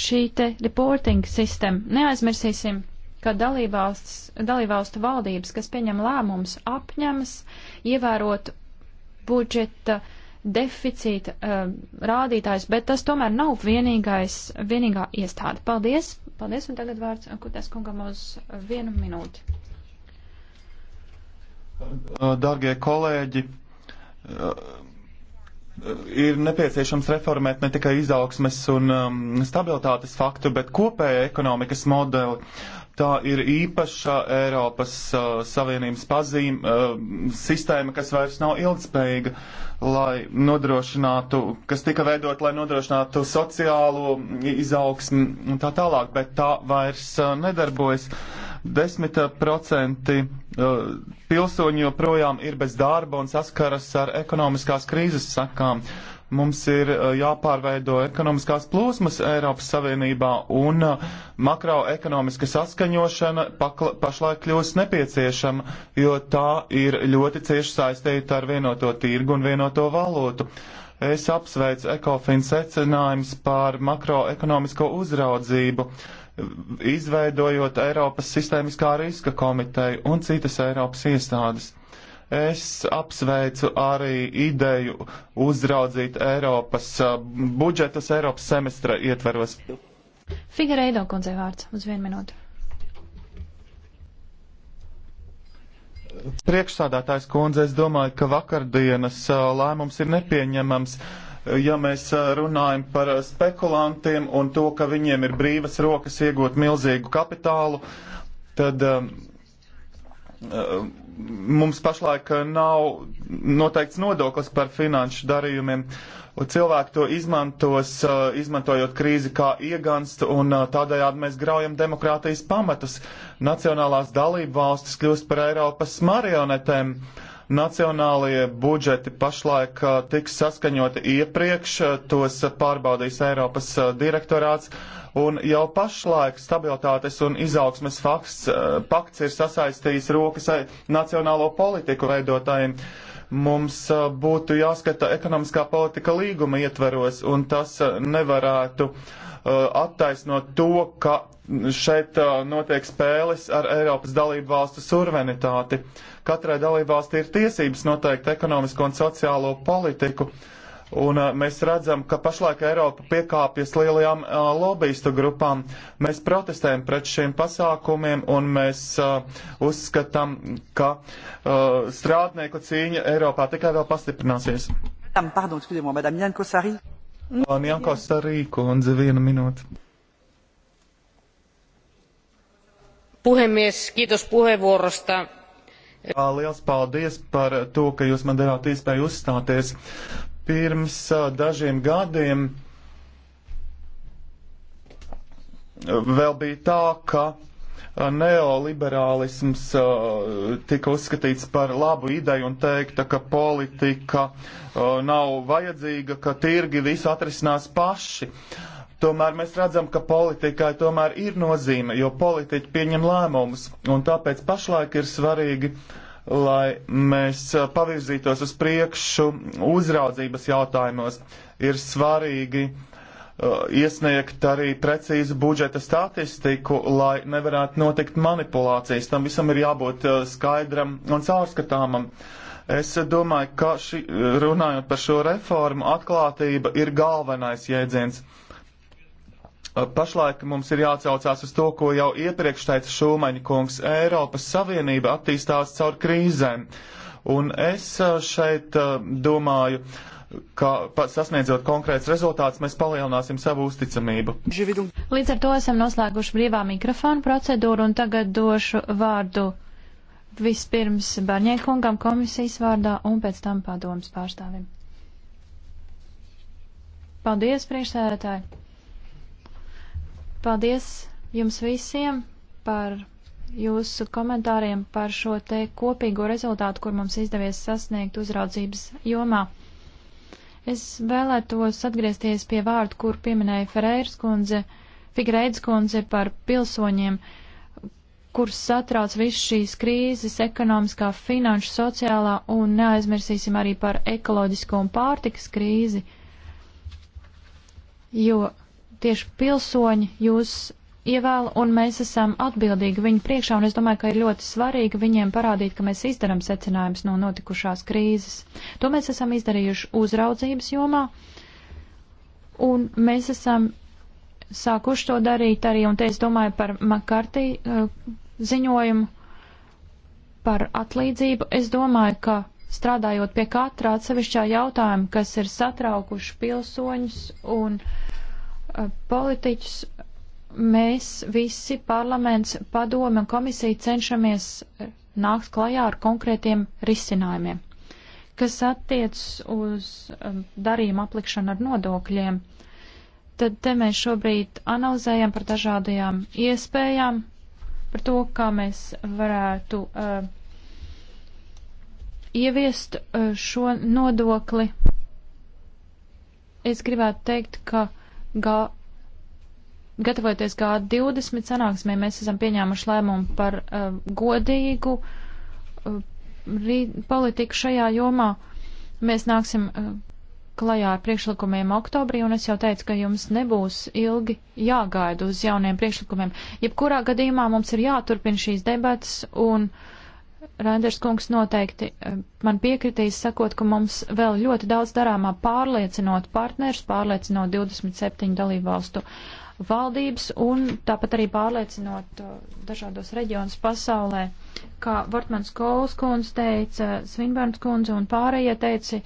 B: šī te reporting sistēma. Neaizmirsīsim, ka dalībvalstu valdības, kas pieņem lēmumus, apņemas ievērot budžeta uh, deficīta uh, rādītājs, bet tas tomēr nav vienīgais, vienīgā iestāde. Paldies! Paldies, un tagad vārds Kutēs kungam uz vienu minūti.
C: Eh, Dargie kolēģi, eh, ir nepieciešams reformēt ne tikai izaugsmes un um, stabilitātes faktu, bet kopēja ekonomikas modeli. Uh, Tā ir īpaša Eiropas uh, Savienības pazīme, uh, sistēma, kas vairs nav ilgspējīga, lai nodrošinātu, kas tika veidot, lai nodrošinātu sociālo izaugsmu un tā tālāk, bet tā vairs uh, nedarbojas. 10% uh, uh, pilsoņi joprojām ir bez darba un saskaras ar ekonomiskās krīzes sakām. Mums ir uh, jāpārveido ekonomiskās plūsmas Eiropas Savienībā, un uh, makroekonomiska saskaņošana pakla, pašlaik kļūst nepieciešama, jo tā ir ļoti cieši saistīta ar vienoto tirgu un vienoto valūtu. Es apsveicu Ekofin secinājums par makroekonomisko uzraudzību, izveidojot Eiropas sistēmiskā riska komiteju un citas Eiropas iestādes. Es apsveicu arī ideju uzraudzīt Eiropas budžetas Eiropas semestra ietveros.
B: Figureido kundzei vārds uz vienu minūtu.
C: Priekšsādātājs kundze, es domāju, ka vakardienas lēmums ir nepieņemams ja mēs runājam par spekulantiem un to, ka viņiem ir brīvas rokas iegūt milzīgu kapitālu, tad um, Eh, mums pašlaik eh, nav noteikts nodoklis par finanšu darījumiem. Cilvēki to izmantos, eh, izmantojot krīzi kā ieganstu, un tādējādi mēs graujam demokrātijas pamatus. Nacionālās dalību valstis kļūst par Eiropas marionetēm. Uh, Nacionālie budžeti pašlaik uh, tiks saskaņoti iepriekš, uh, tos pārbaudīs Eiropas uh, direktorāts, un jau pašlaik stabilitātes un izaugsmes fakts, pakts ir sasaistījis rokas ar nacionālo politiku veidotājiem. Mums būtu jāskata ekonomiskā politika līguma ietveros, un tas nevarētu uh, Uh, attaisnot to, ka šeit uh, notiek spēles ar Eiropas dalību valstu suverenitāti. Katrai dalību valsti ir tiesības noteikt ekonomisko un sociālo politiku. Un a, uh, mēs redzam, ka pašlaik Eiropa piekāpjas lielajām a, lobbyistu grupām. Mēs protestējam pret šiem pasākumiem un mēs a, uzskatām, ka strādnieku cīņa Eiropā tikai vēl pastiprināsies. Madame, pardon, excusez-moi, Madame Janko Sari. Jānkos arī kundze vienu minūti.
B: Puhemies, kiitos puheenvuorosta.
C: Liels paldies par to, ka jūs man devāt iespēju uzstāties. Pirms dažiem gadiem vēl bija tā, ka Eh, neoliberālisms eh, tika uzskatīts par labu ideju un teikta, ka politika eh, nav vajadzīga, ka tirgi visu atrisinās paši. Tomēr mēs redzam, ka politikai tomēr ir nozīme, jo politiķi pieņem lēmumus, un tāpēc pašlaik ir svarīgi, lai mēs pavirzītos uz priekšu uzraudzības jautājumos. Ir svarīgi uh, Uh, iesniegt arī precīzu budžeta statistiku, lai nevarētu notikt manipulācijas. Tam visam ir jābūt uh, skaidram un caurskatāmam. Es domāju, ka ši, runājot par šo reformu, atklātība ir galvenais jēdziens. Uh, pašlaik mums ir jāatcaucās uz to, ko jau iepriekš teica Šūmaņa kungs. Eiropas Savienība attīstās caur krīzēm. Un es šeit domāju, uh, ka sasniedzot konkrēts rezultāts, mēs palielināsim savu uzticamību.
B: Līdz ar to esam noslēguši brīvā mikrofonu procedūru un tagad došu vārdu vispirms Barņēkungam komisijas vārdā un pēc tam padomas pārstāvim. Paldies, priekšsēdētāji! Paldies jums visiem par jūsu komentāriem par šo te kopīgo rezultātu, kur mums izdevies sasniegt uzraudzības jomā. Es vēlētos atgriezties pie vārdu, kur pieminēja Ferēras kundze, Figreidas kundze par pilsoņiem, kurus satrauc viss šīs krīzes - ekonomiskā, finanšu, sociālā un neaizmirsīsim arī par ekoloģisko un pārtikas krīzi, jo tieši pilsoņi jūs ievēl, un mēs esam atbildīgi viņu priekšā, un es domāju, ka ir ļoti svarīgi viņiem parādīt, ka mēs izdarām secinājumus no notikušās krīzes. To mēs esam izdarījuši uzraudzības jomā, un mēs esam sākuši to darīt arī, un te es domāju par Makartī eh, ziņojumu par atlīdzību. Es domāju, ka strādājot pie katra atsevišķā jautājuma, kas ir satraukuši pilsoņus un eh, politiķus, mēs visi parlaments, padome un komisija cenšamies eh, nākt klajā ar konkrētiem risinājumiem, kas attiec uz um, darījumu aplikšanu ar nodokļiem. Tad te mēs šobrīd analizējam par dažādajām iespējām, par to, kā mēs varētu uh, ieviest uh, šo nodokli. Es gribētu teikt, ka ga gatavoties kā 20 sanāksmē, mēs esam pieņēmuši lēmumu par uh, godīgu uh, politiku šajā jomā. Mēs nāksim uh, klajā ar priekšlikumiem oktobrī, un es jau teicu, ka jums nebūs ilgi jāgaida uz jauniem priekšlikumiem. Jebkurā gadījumā mums ir jāturpina šīs debatas, un Renders kungs noteikti uh, man piekritīs, sakot, ka mums vēl ļoti daudz darāmā pārliecinot partners, pārliecinot 27 dalībvalstu uh, valdības un tāpat arī pārliecinot uh, dažādos reģionus pasaulē. Kā Vortmans Kols kundze teica, Svinbērns kundze un pārējie teica,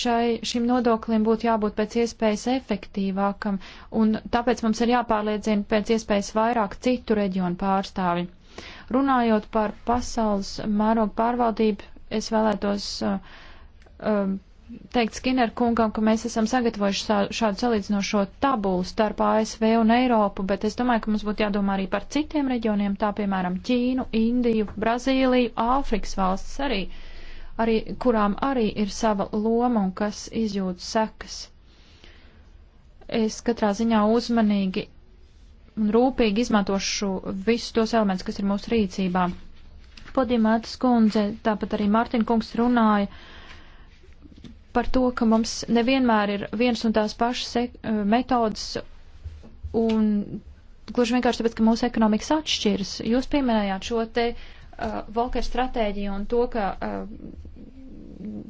B: šai, šim nodoklim būtu jābūt pēc iespējas efektīvākam, un tāpēc mums ir jāpārliecina pēc iespējas vairāk citu reģionu pārstāvi. Runājot par pasaules mērogu pārvaldību, es vēlētos uh, um, teikt Skinner kungam, ka mēs esam sagatavojuši šādu salīdzinošo tabulu starp ASV un Eiropu, bet es domāju, ka mums būtu jādomā arī par citiem reģioniem, tā piemēram Ķīnu, Indiju, Brazīliju, Āfrikas valstis arī, arī, kurām arī ir sava loma un kas izjūt sekas. Es katrā ziņā uzmanīgi un rūpīgi izmantošu visus tos elementus, kas ir mūsu rīcībā. Podimētas kundze, tāpat arī Mārtiņa kungs runāja par to, ka mums nevienmēr ir viens un tās pašas e, metodas un gluži vienkārši tāpēc, ka mūsu ekonomikas atšķiras. Jūs pieminējāt šo te uh, Volker stratēģiju un to, ka uh,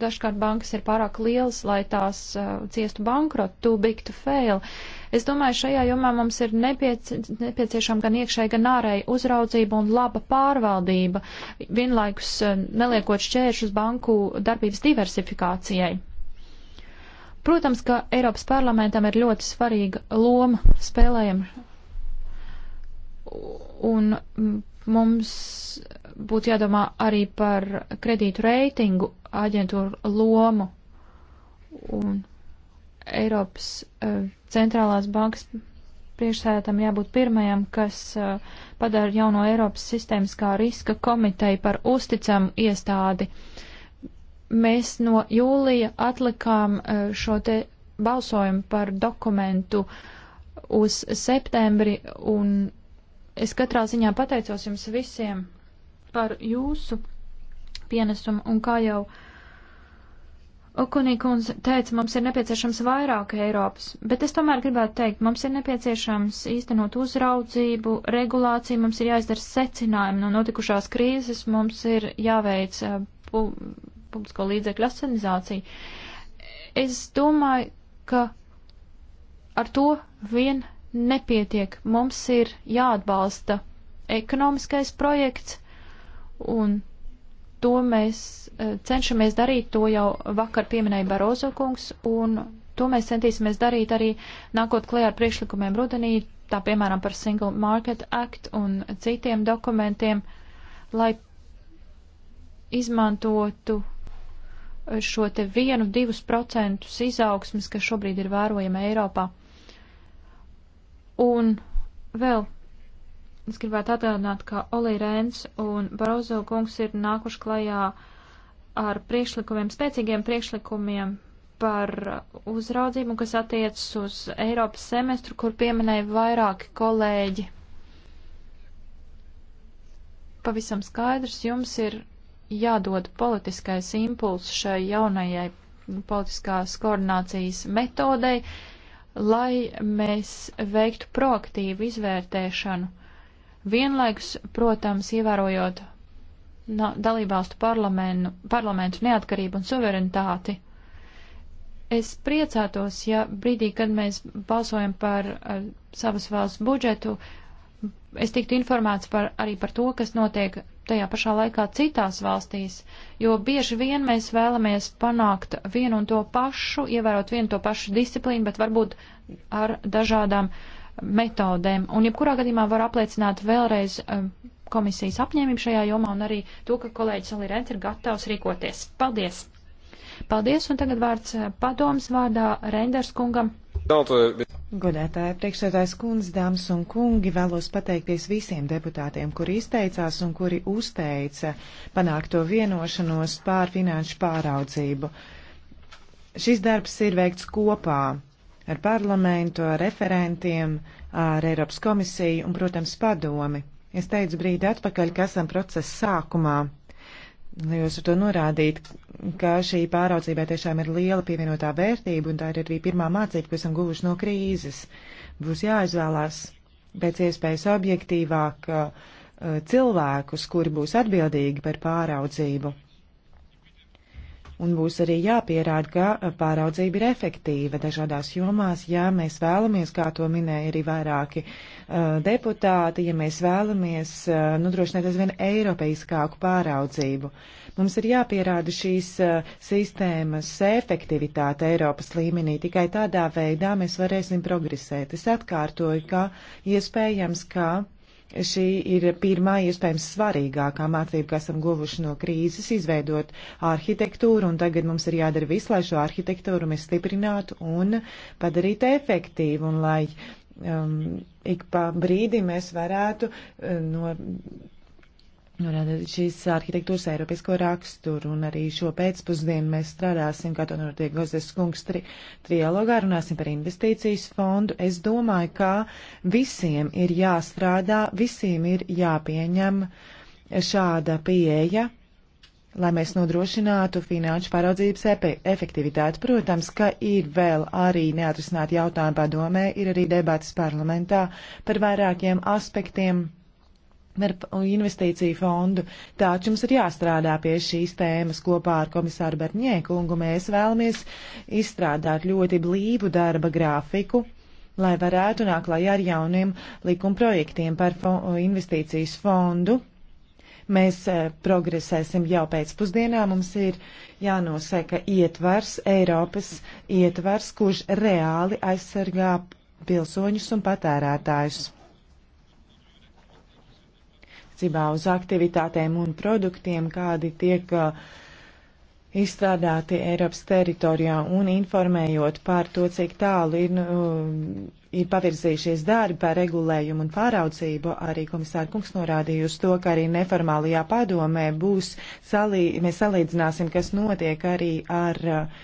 B: dažkārt bankas ir pārāk lielas, lai tās uh, ciestu bankrotu, too big to fail. Es domāju, šajā jomā mums ir nepiec nepieciešama gan iekšēja, gan ārēja uzraudzība un laba pārvaldība, vienlaikus uh, neliekot šķēršus banku darbības diversifikācijai. Protams, ka Eiropas parlamentam ir ļoti svarīga loma spēlējam un mums būtu jādomā arī par kredītu reitingu aģentūru lomu un Eiropas uh, centrālās bankas priekšsēdētam jābūt pirmajam, kas uh, padara jauno Eiropas sistēmas kā riska komiteju par uzticamu iestādi. Uh, Mēs no jūlija atlikām e, šo te balsojumu par dokumentu uz septembri, un es katrā ziņā pateicos jums visiem par jūsu pienesumu, un kā jau Okunīkuns teica, mums ir nepieciešams vairāk Eiropas, bet es tomēr gribētu teikt, mums ir nepieciešams īstenot uzraudzību, regulāciju, mums ir jāizdara secinājumi no notikušās krīzes, mums ir jāveic e, publisko līdzekļu asinizāciju. Es domāju, ka ar to vien nepietiek. Mums ir jāatbalsta ekonomiskais projekts, un to mēs eh, cenšamies darīt, to jau vakar pieminēja Barozo kungs, un to mēs centīsimies darīt arī nākot klajā ar priekšlikumiem rudenī, tā piemēram par Single Market Act un citiem dokumentiem, lai izmantotu šo te vienu, divus procentus izaugsmas, kas šobrīd ir vērojama Eiropā. Un vēl es gribētu atgādināt, ka Olī Rēns un Barozo kungs ir nākuši klajā ar priekšlikumiem, spēcīgiem priekšlikumiem par uzraudzību, kas attiecas uz Eiropas semestru, kur pieminēja vairāki kolēģi. Pavisam skaidrs, jums ir jādod politiskais impuls šai jaunajai politiskās koordinācijas metodei, lai mēs veiktu proaktīvu izvērtēšanu. Vienlaikus, protams, ievērojot dalībvalstu parlamentu, parlamentu neatkarību un suverenitāti. Es priecātos, ja brīdī, kad mēs balsojam par uh, savas valsts budžetu, es tiktu informēts par, arī par to, kas notiek tajā pašā laikā citās valstīs, jo bieži vien mēs vēlamies panākt vienu un to pašu, ievērot vienu to pašu disciplīnu, bet varbūt ar dažādām metodēm. Un jebkurā gadījumā var apliecināt vēlreiz um, komisijas apņēmību šajā jomā un arī to, ka kolēģis Alirens ir gatavs rīkoties. Paldies! Paldies, un tagad vārds uh,
A: padoms vārdā Renders kungam. Eh, Godētāja priekšsēdājas kundze, dāmas un kungi, vēlos pateikties visiem deputātiem, kuri izteicās un kuri uzteica panākto vienošanos pār finanšu pāraudzību. Šis darbs ir veikts kopā ar parlamentu, ar referentiem, ar Eiropas komisiju un, protams, padomi. Es teicu brīdi atpakaļ, ka esam procesa sākumā. Jūs ar to norādīt, ka šī pāraudzībai tiešām ir liela pievienotā vērtība, un tā ir arī pirmā mācība, ko esam guvuši no krīzes. Būs jāizvēlās pēc iespējas objektīvāk uh, cilvēkus, kuri būs atbildīgi par pāraudzību. Un būs arī jāpierāda, ka pāraudzība ir efektīva dažādās jomās. Ja mēs vēlamies, kā to minēja arī vairāki uh, deputāti, ja mēs vēlamies uh, nodrošināt aizvien eiropeiskāku pāraudzību, mums ir jāpierāda šīs uh, sistēmas efektivitāte Eiropas līmenī. Tikai tādā veidā mēs varēsim progresēt. Es atkārtoju, ka iespējams, ka. Uh, Šī ir pirmā iespējams svarīgākā mācība, ko esam guvuši no krīzes, izveidot arhitektūru, un tagad mums ir jādara viss, lai šo arhitektūru mēs stiprinātu un padarītu efektīvu, un lai um, ik pa brīdi mēs varētu um, no norādīt šīs arhitektūras eiropisko raksturu, un arī šo pēcpusdienu mēs strādāsim, kā to notiek Gozes kungs tri, trialogā, runāsim par investīcijas fondu. Es domāju, ka visiem ir jāstrādā, visiem ir jāpieņem šāda pieeja, lai mēs nodrošinātu finanšu pāraudzības efektivitāti. Protams, ka ir vēl arī neatrisināti jautājumi padomē, ir arī debatas parlamentā par vairākiem aspektiem ar investīciju fondu. Taču mums ir jāstrādā pie šīs tēmas kopā ar komisāru Berņē kungu. Mēs vēlamies izstrādāt ļoti blīvu darba grafiku, lai varētu nākt klajā ar jauniem likumprojektiem par fo investīcijas fondu. Mēs e, progresēsim jau pēcpusdienā. Mums ir jānosaka ietvars, Eiropas ietvars, kurš reāli aizsargā pilsoņus un patērētājus attiecībā uz aktivitātēm un produktiem, kādi tiek uh, izstrādāti Eiropas teritorijā un informējot par to, cik tālu ir, nu, ir pavirzījušies darbi par regulējumu un pāraudzību. Arī komisāra kungs norādīja uz to, ka arī neformālajā padomē būs, salī, mēs salīdzināsim, kas notiek arī ar uh,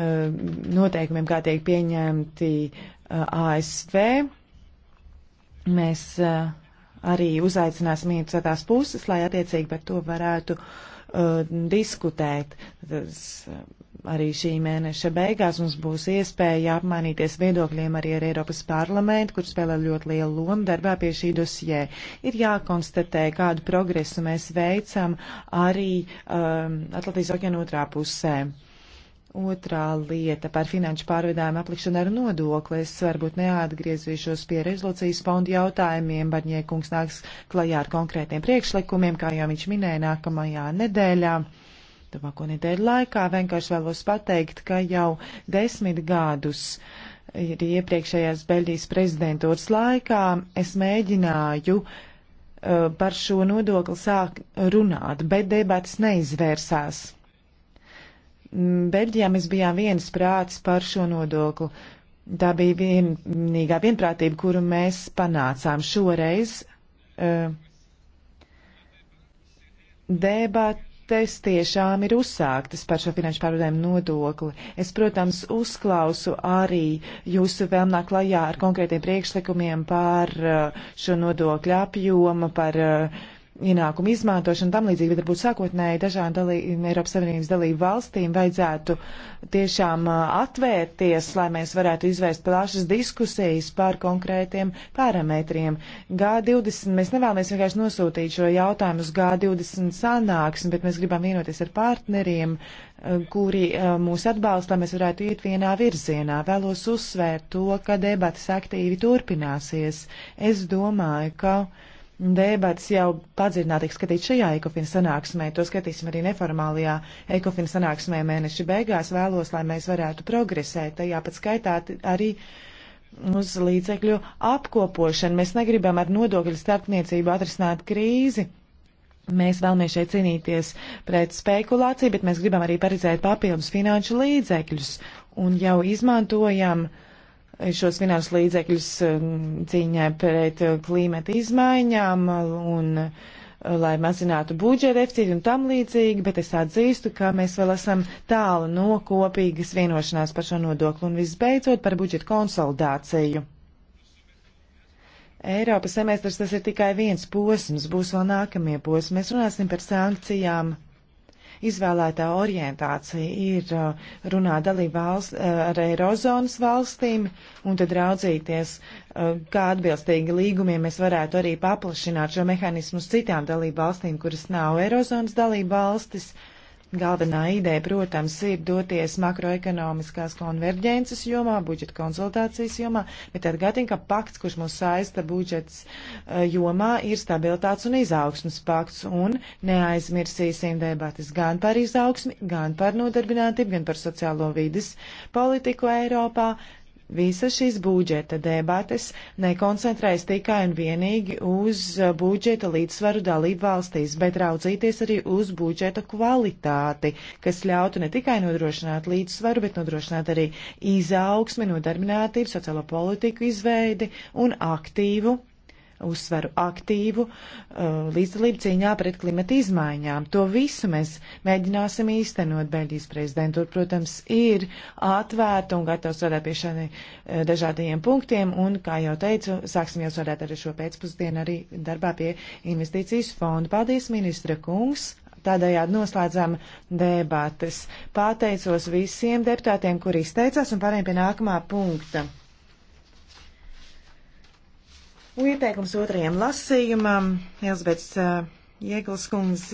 A: noteikumiem, kā tiek pieņemti uh, ASV. Mēs uh, arī uzaicināsim interesētās puses, lai attiecīgi par to varētu uh, diskutēt. Tas, uh, arī šī mēneša beigās mums būs iespēja apmainīties viedokļiem arī ar Eiropas parlamentu, kur spēlē ļoti lielu lomu darbā pie šī dosjē. Ir jākonstatē, kādu progresu mēs veicam arī um, Atlantijas okeāna otrā pusē. Uh, Otrā lieta par finanšu pārvedājumu aplikšanu ar nodokli. Es varbūt neatgriezīšos pie rezolūcijas fonda jautājumiem, bet ņēkungs nāks klajā ar konkrētiem priekšlikumiem, kā jau viņš minēja nākamajā nedēļā. Tuvāko nedēļu laikā vienkārši vēlos pateikt, ka jau desmit gadus ir iepriekšējās Beļģijas prezidentūras laikā es mēģināju eh, par šo nodokli sāk runāt, bet debats neizvērsās Beļģijā mēs bijām viens prāts par šo nodoklu. Tā bija vienīgā vienprātība, kuru mēs panācām šoreiz. Uh, debates tiešām ir uzsāktas par šo finanšu pārvadājumu nodokli. Es, protams, uzklausu arī jūsu vēl nāk klajā ar konkrētiem priekšlikumiem par uh, šo nodokļu apjomu, par uh, ienākumu izmantošanu tam līdzīgi, bet varbūt sākotnēji dažām dalī, Eiropas Savienības dalību valstīm vajadzētu tiešām atvērties, lai mēs varētu izvērst plašas diskusijas par konkrētiem parametriem. G20 mēs nevēlamies vienkārši nosūtīt šo jautājumu uz G20 sanāksmi, bet mēs gribam vienoties ar partneriem, kuri mūs atbalsta, lai mēs varētu iet vienā virzienā. Vēlos uzsvērt to, ka debatas aktīvi turpināsies. Es domāju, ka Debats jau padziļināti tiks skatīt šajā ekofina sanāksmē, to skatīsim arī neformālajā ekofina sanāksmē mēneša beigās. Vēlos, lai mēs varētu progresēt, tajā pat skaitā arī uz līdzekļu apkopošanu. Mēs negribam ar nodokļu starpniecību atrisināt krīzi. Mēs vēlamies šeit cīnīties pret spekulāciju, bet mēs gribam arī paredzēt papildus finanšu līdzekļus un jau izmantojam uh, šos finanšu līdzekļus um, cīņai pret uh, klimata izmaiņām un uh, lai mazinātu budžeta deficītu un tam līdzīgi, bet es atzīstu, ka mēs vēl esam tālu no kopīgas vienošanās par šo nodoklu un visbeidzot par budžeta konsolidāciju. Eiropas semestrs tas ir tikai viens posms, būs vēl nākamie posmi. Mēs runāsim par sankcijām izvēlētā orientācija ir uh, runāt dalību valsts uh, ar Eirozonas valstīm un tad raudzīties, uh, kā atbilstīgi līgumiem mēs varētu arī paplašināt šo mehānismu uz citām dalību valstīm, kuras nav Eirozonas dalību valstis. Uh, Galvenā ideja, protams, ir doties makroekonomiskās konverģences jomā, budžeta konsultācijas jomā, bet atgādina, ka pakts, kurš mūs saista budžets eh, jomā, ir stabilitāts un izaugsmas pakts, un neaizmirsīsim debatas gan par izaugsmi, gan par nodarbinātību, gan par sociālo vides politiku Eiropā, visas šīs budžeta debates nekoncentrējas tikai un vienīgi uz budžeta līdzsvaru dalību valstīs, bet raudzīties arī uz budžeta kvalitāti, kas ļautu ne tikai nodrošināt līdzsvaru, bet nodrošināt arī izaugsmi, nodarbinātību, sociālo politiku izveidi un aktīvu uzsveru aktīvu uh, līdzdalību cīņā pret klimata izmaiņām. To visu mēs mēģināsim īstenot Beļģijas prezidentu. Tur, protams, ir atvērta un gatava strādāt pie šādiem uh, dažādiem punktiem. Un, kā jau teicu, sāksim jau strādāt arī šo pēcpusdienu arī darbā pie investīcijas fonda. Paldies, ministra kungs! Tādējādi noslēdzām debates. Pateicos visiem deputātiem, kuri izteicās un pārējiem pie nākamā punkta. Un ieteikums otrajam lasījumam, Elsbets Jēgls eh, kungs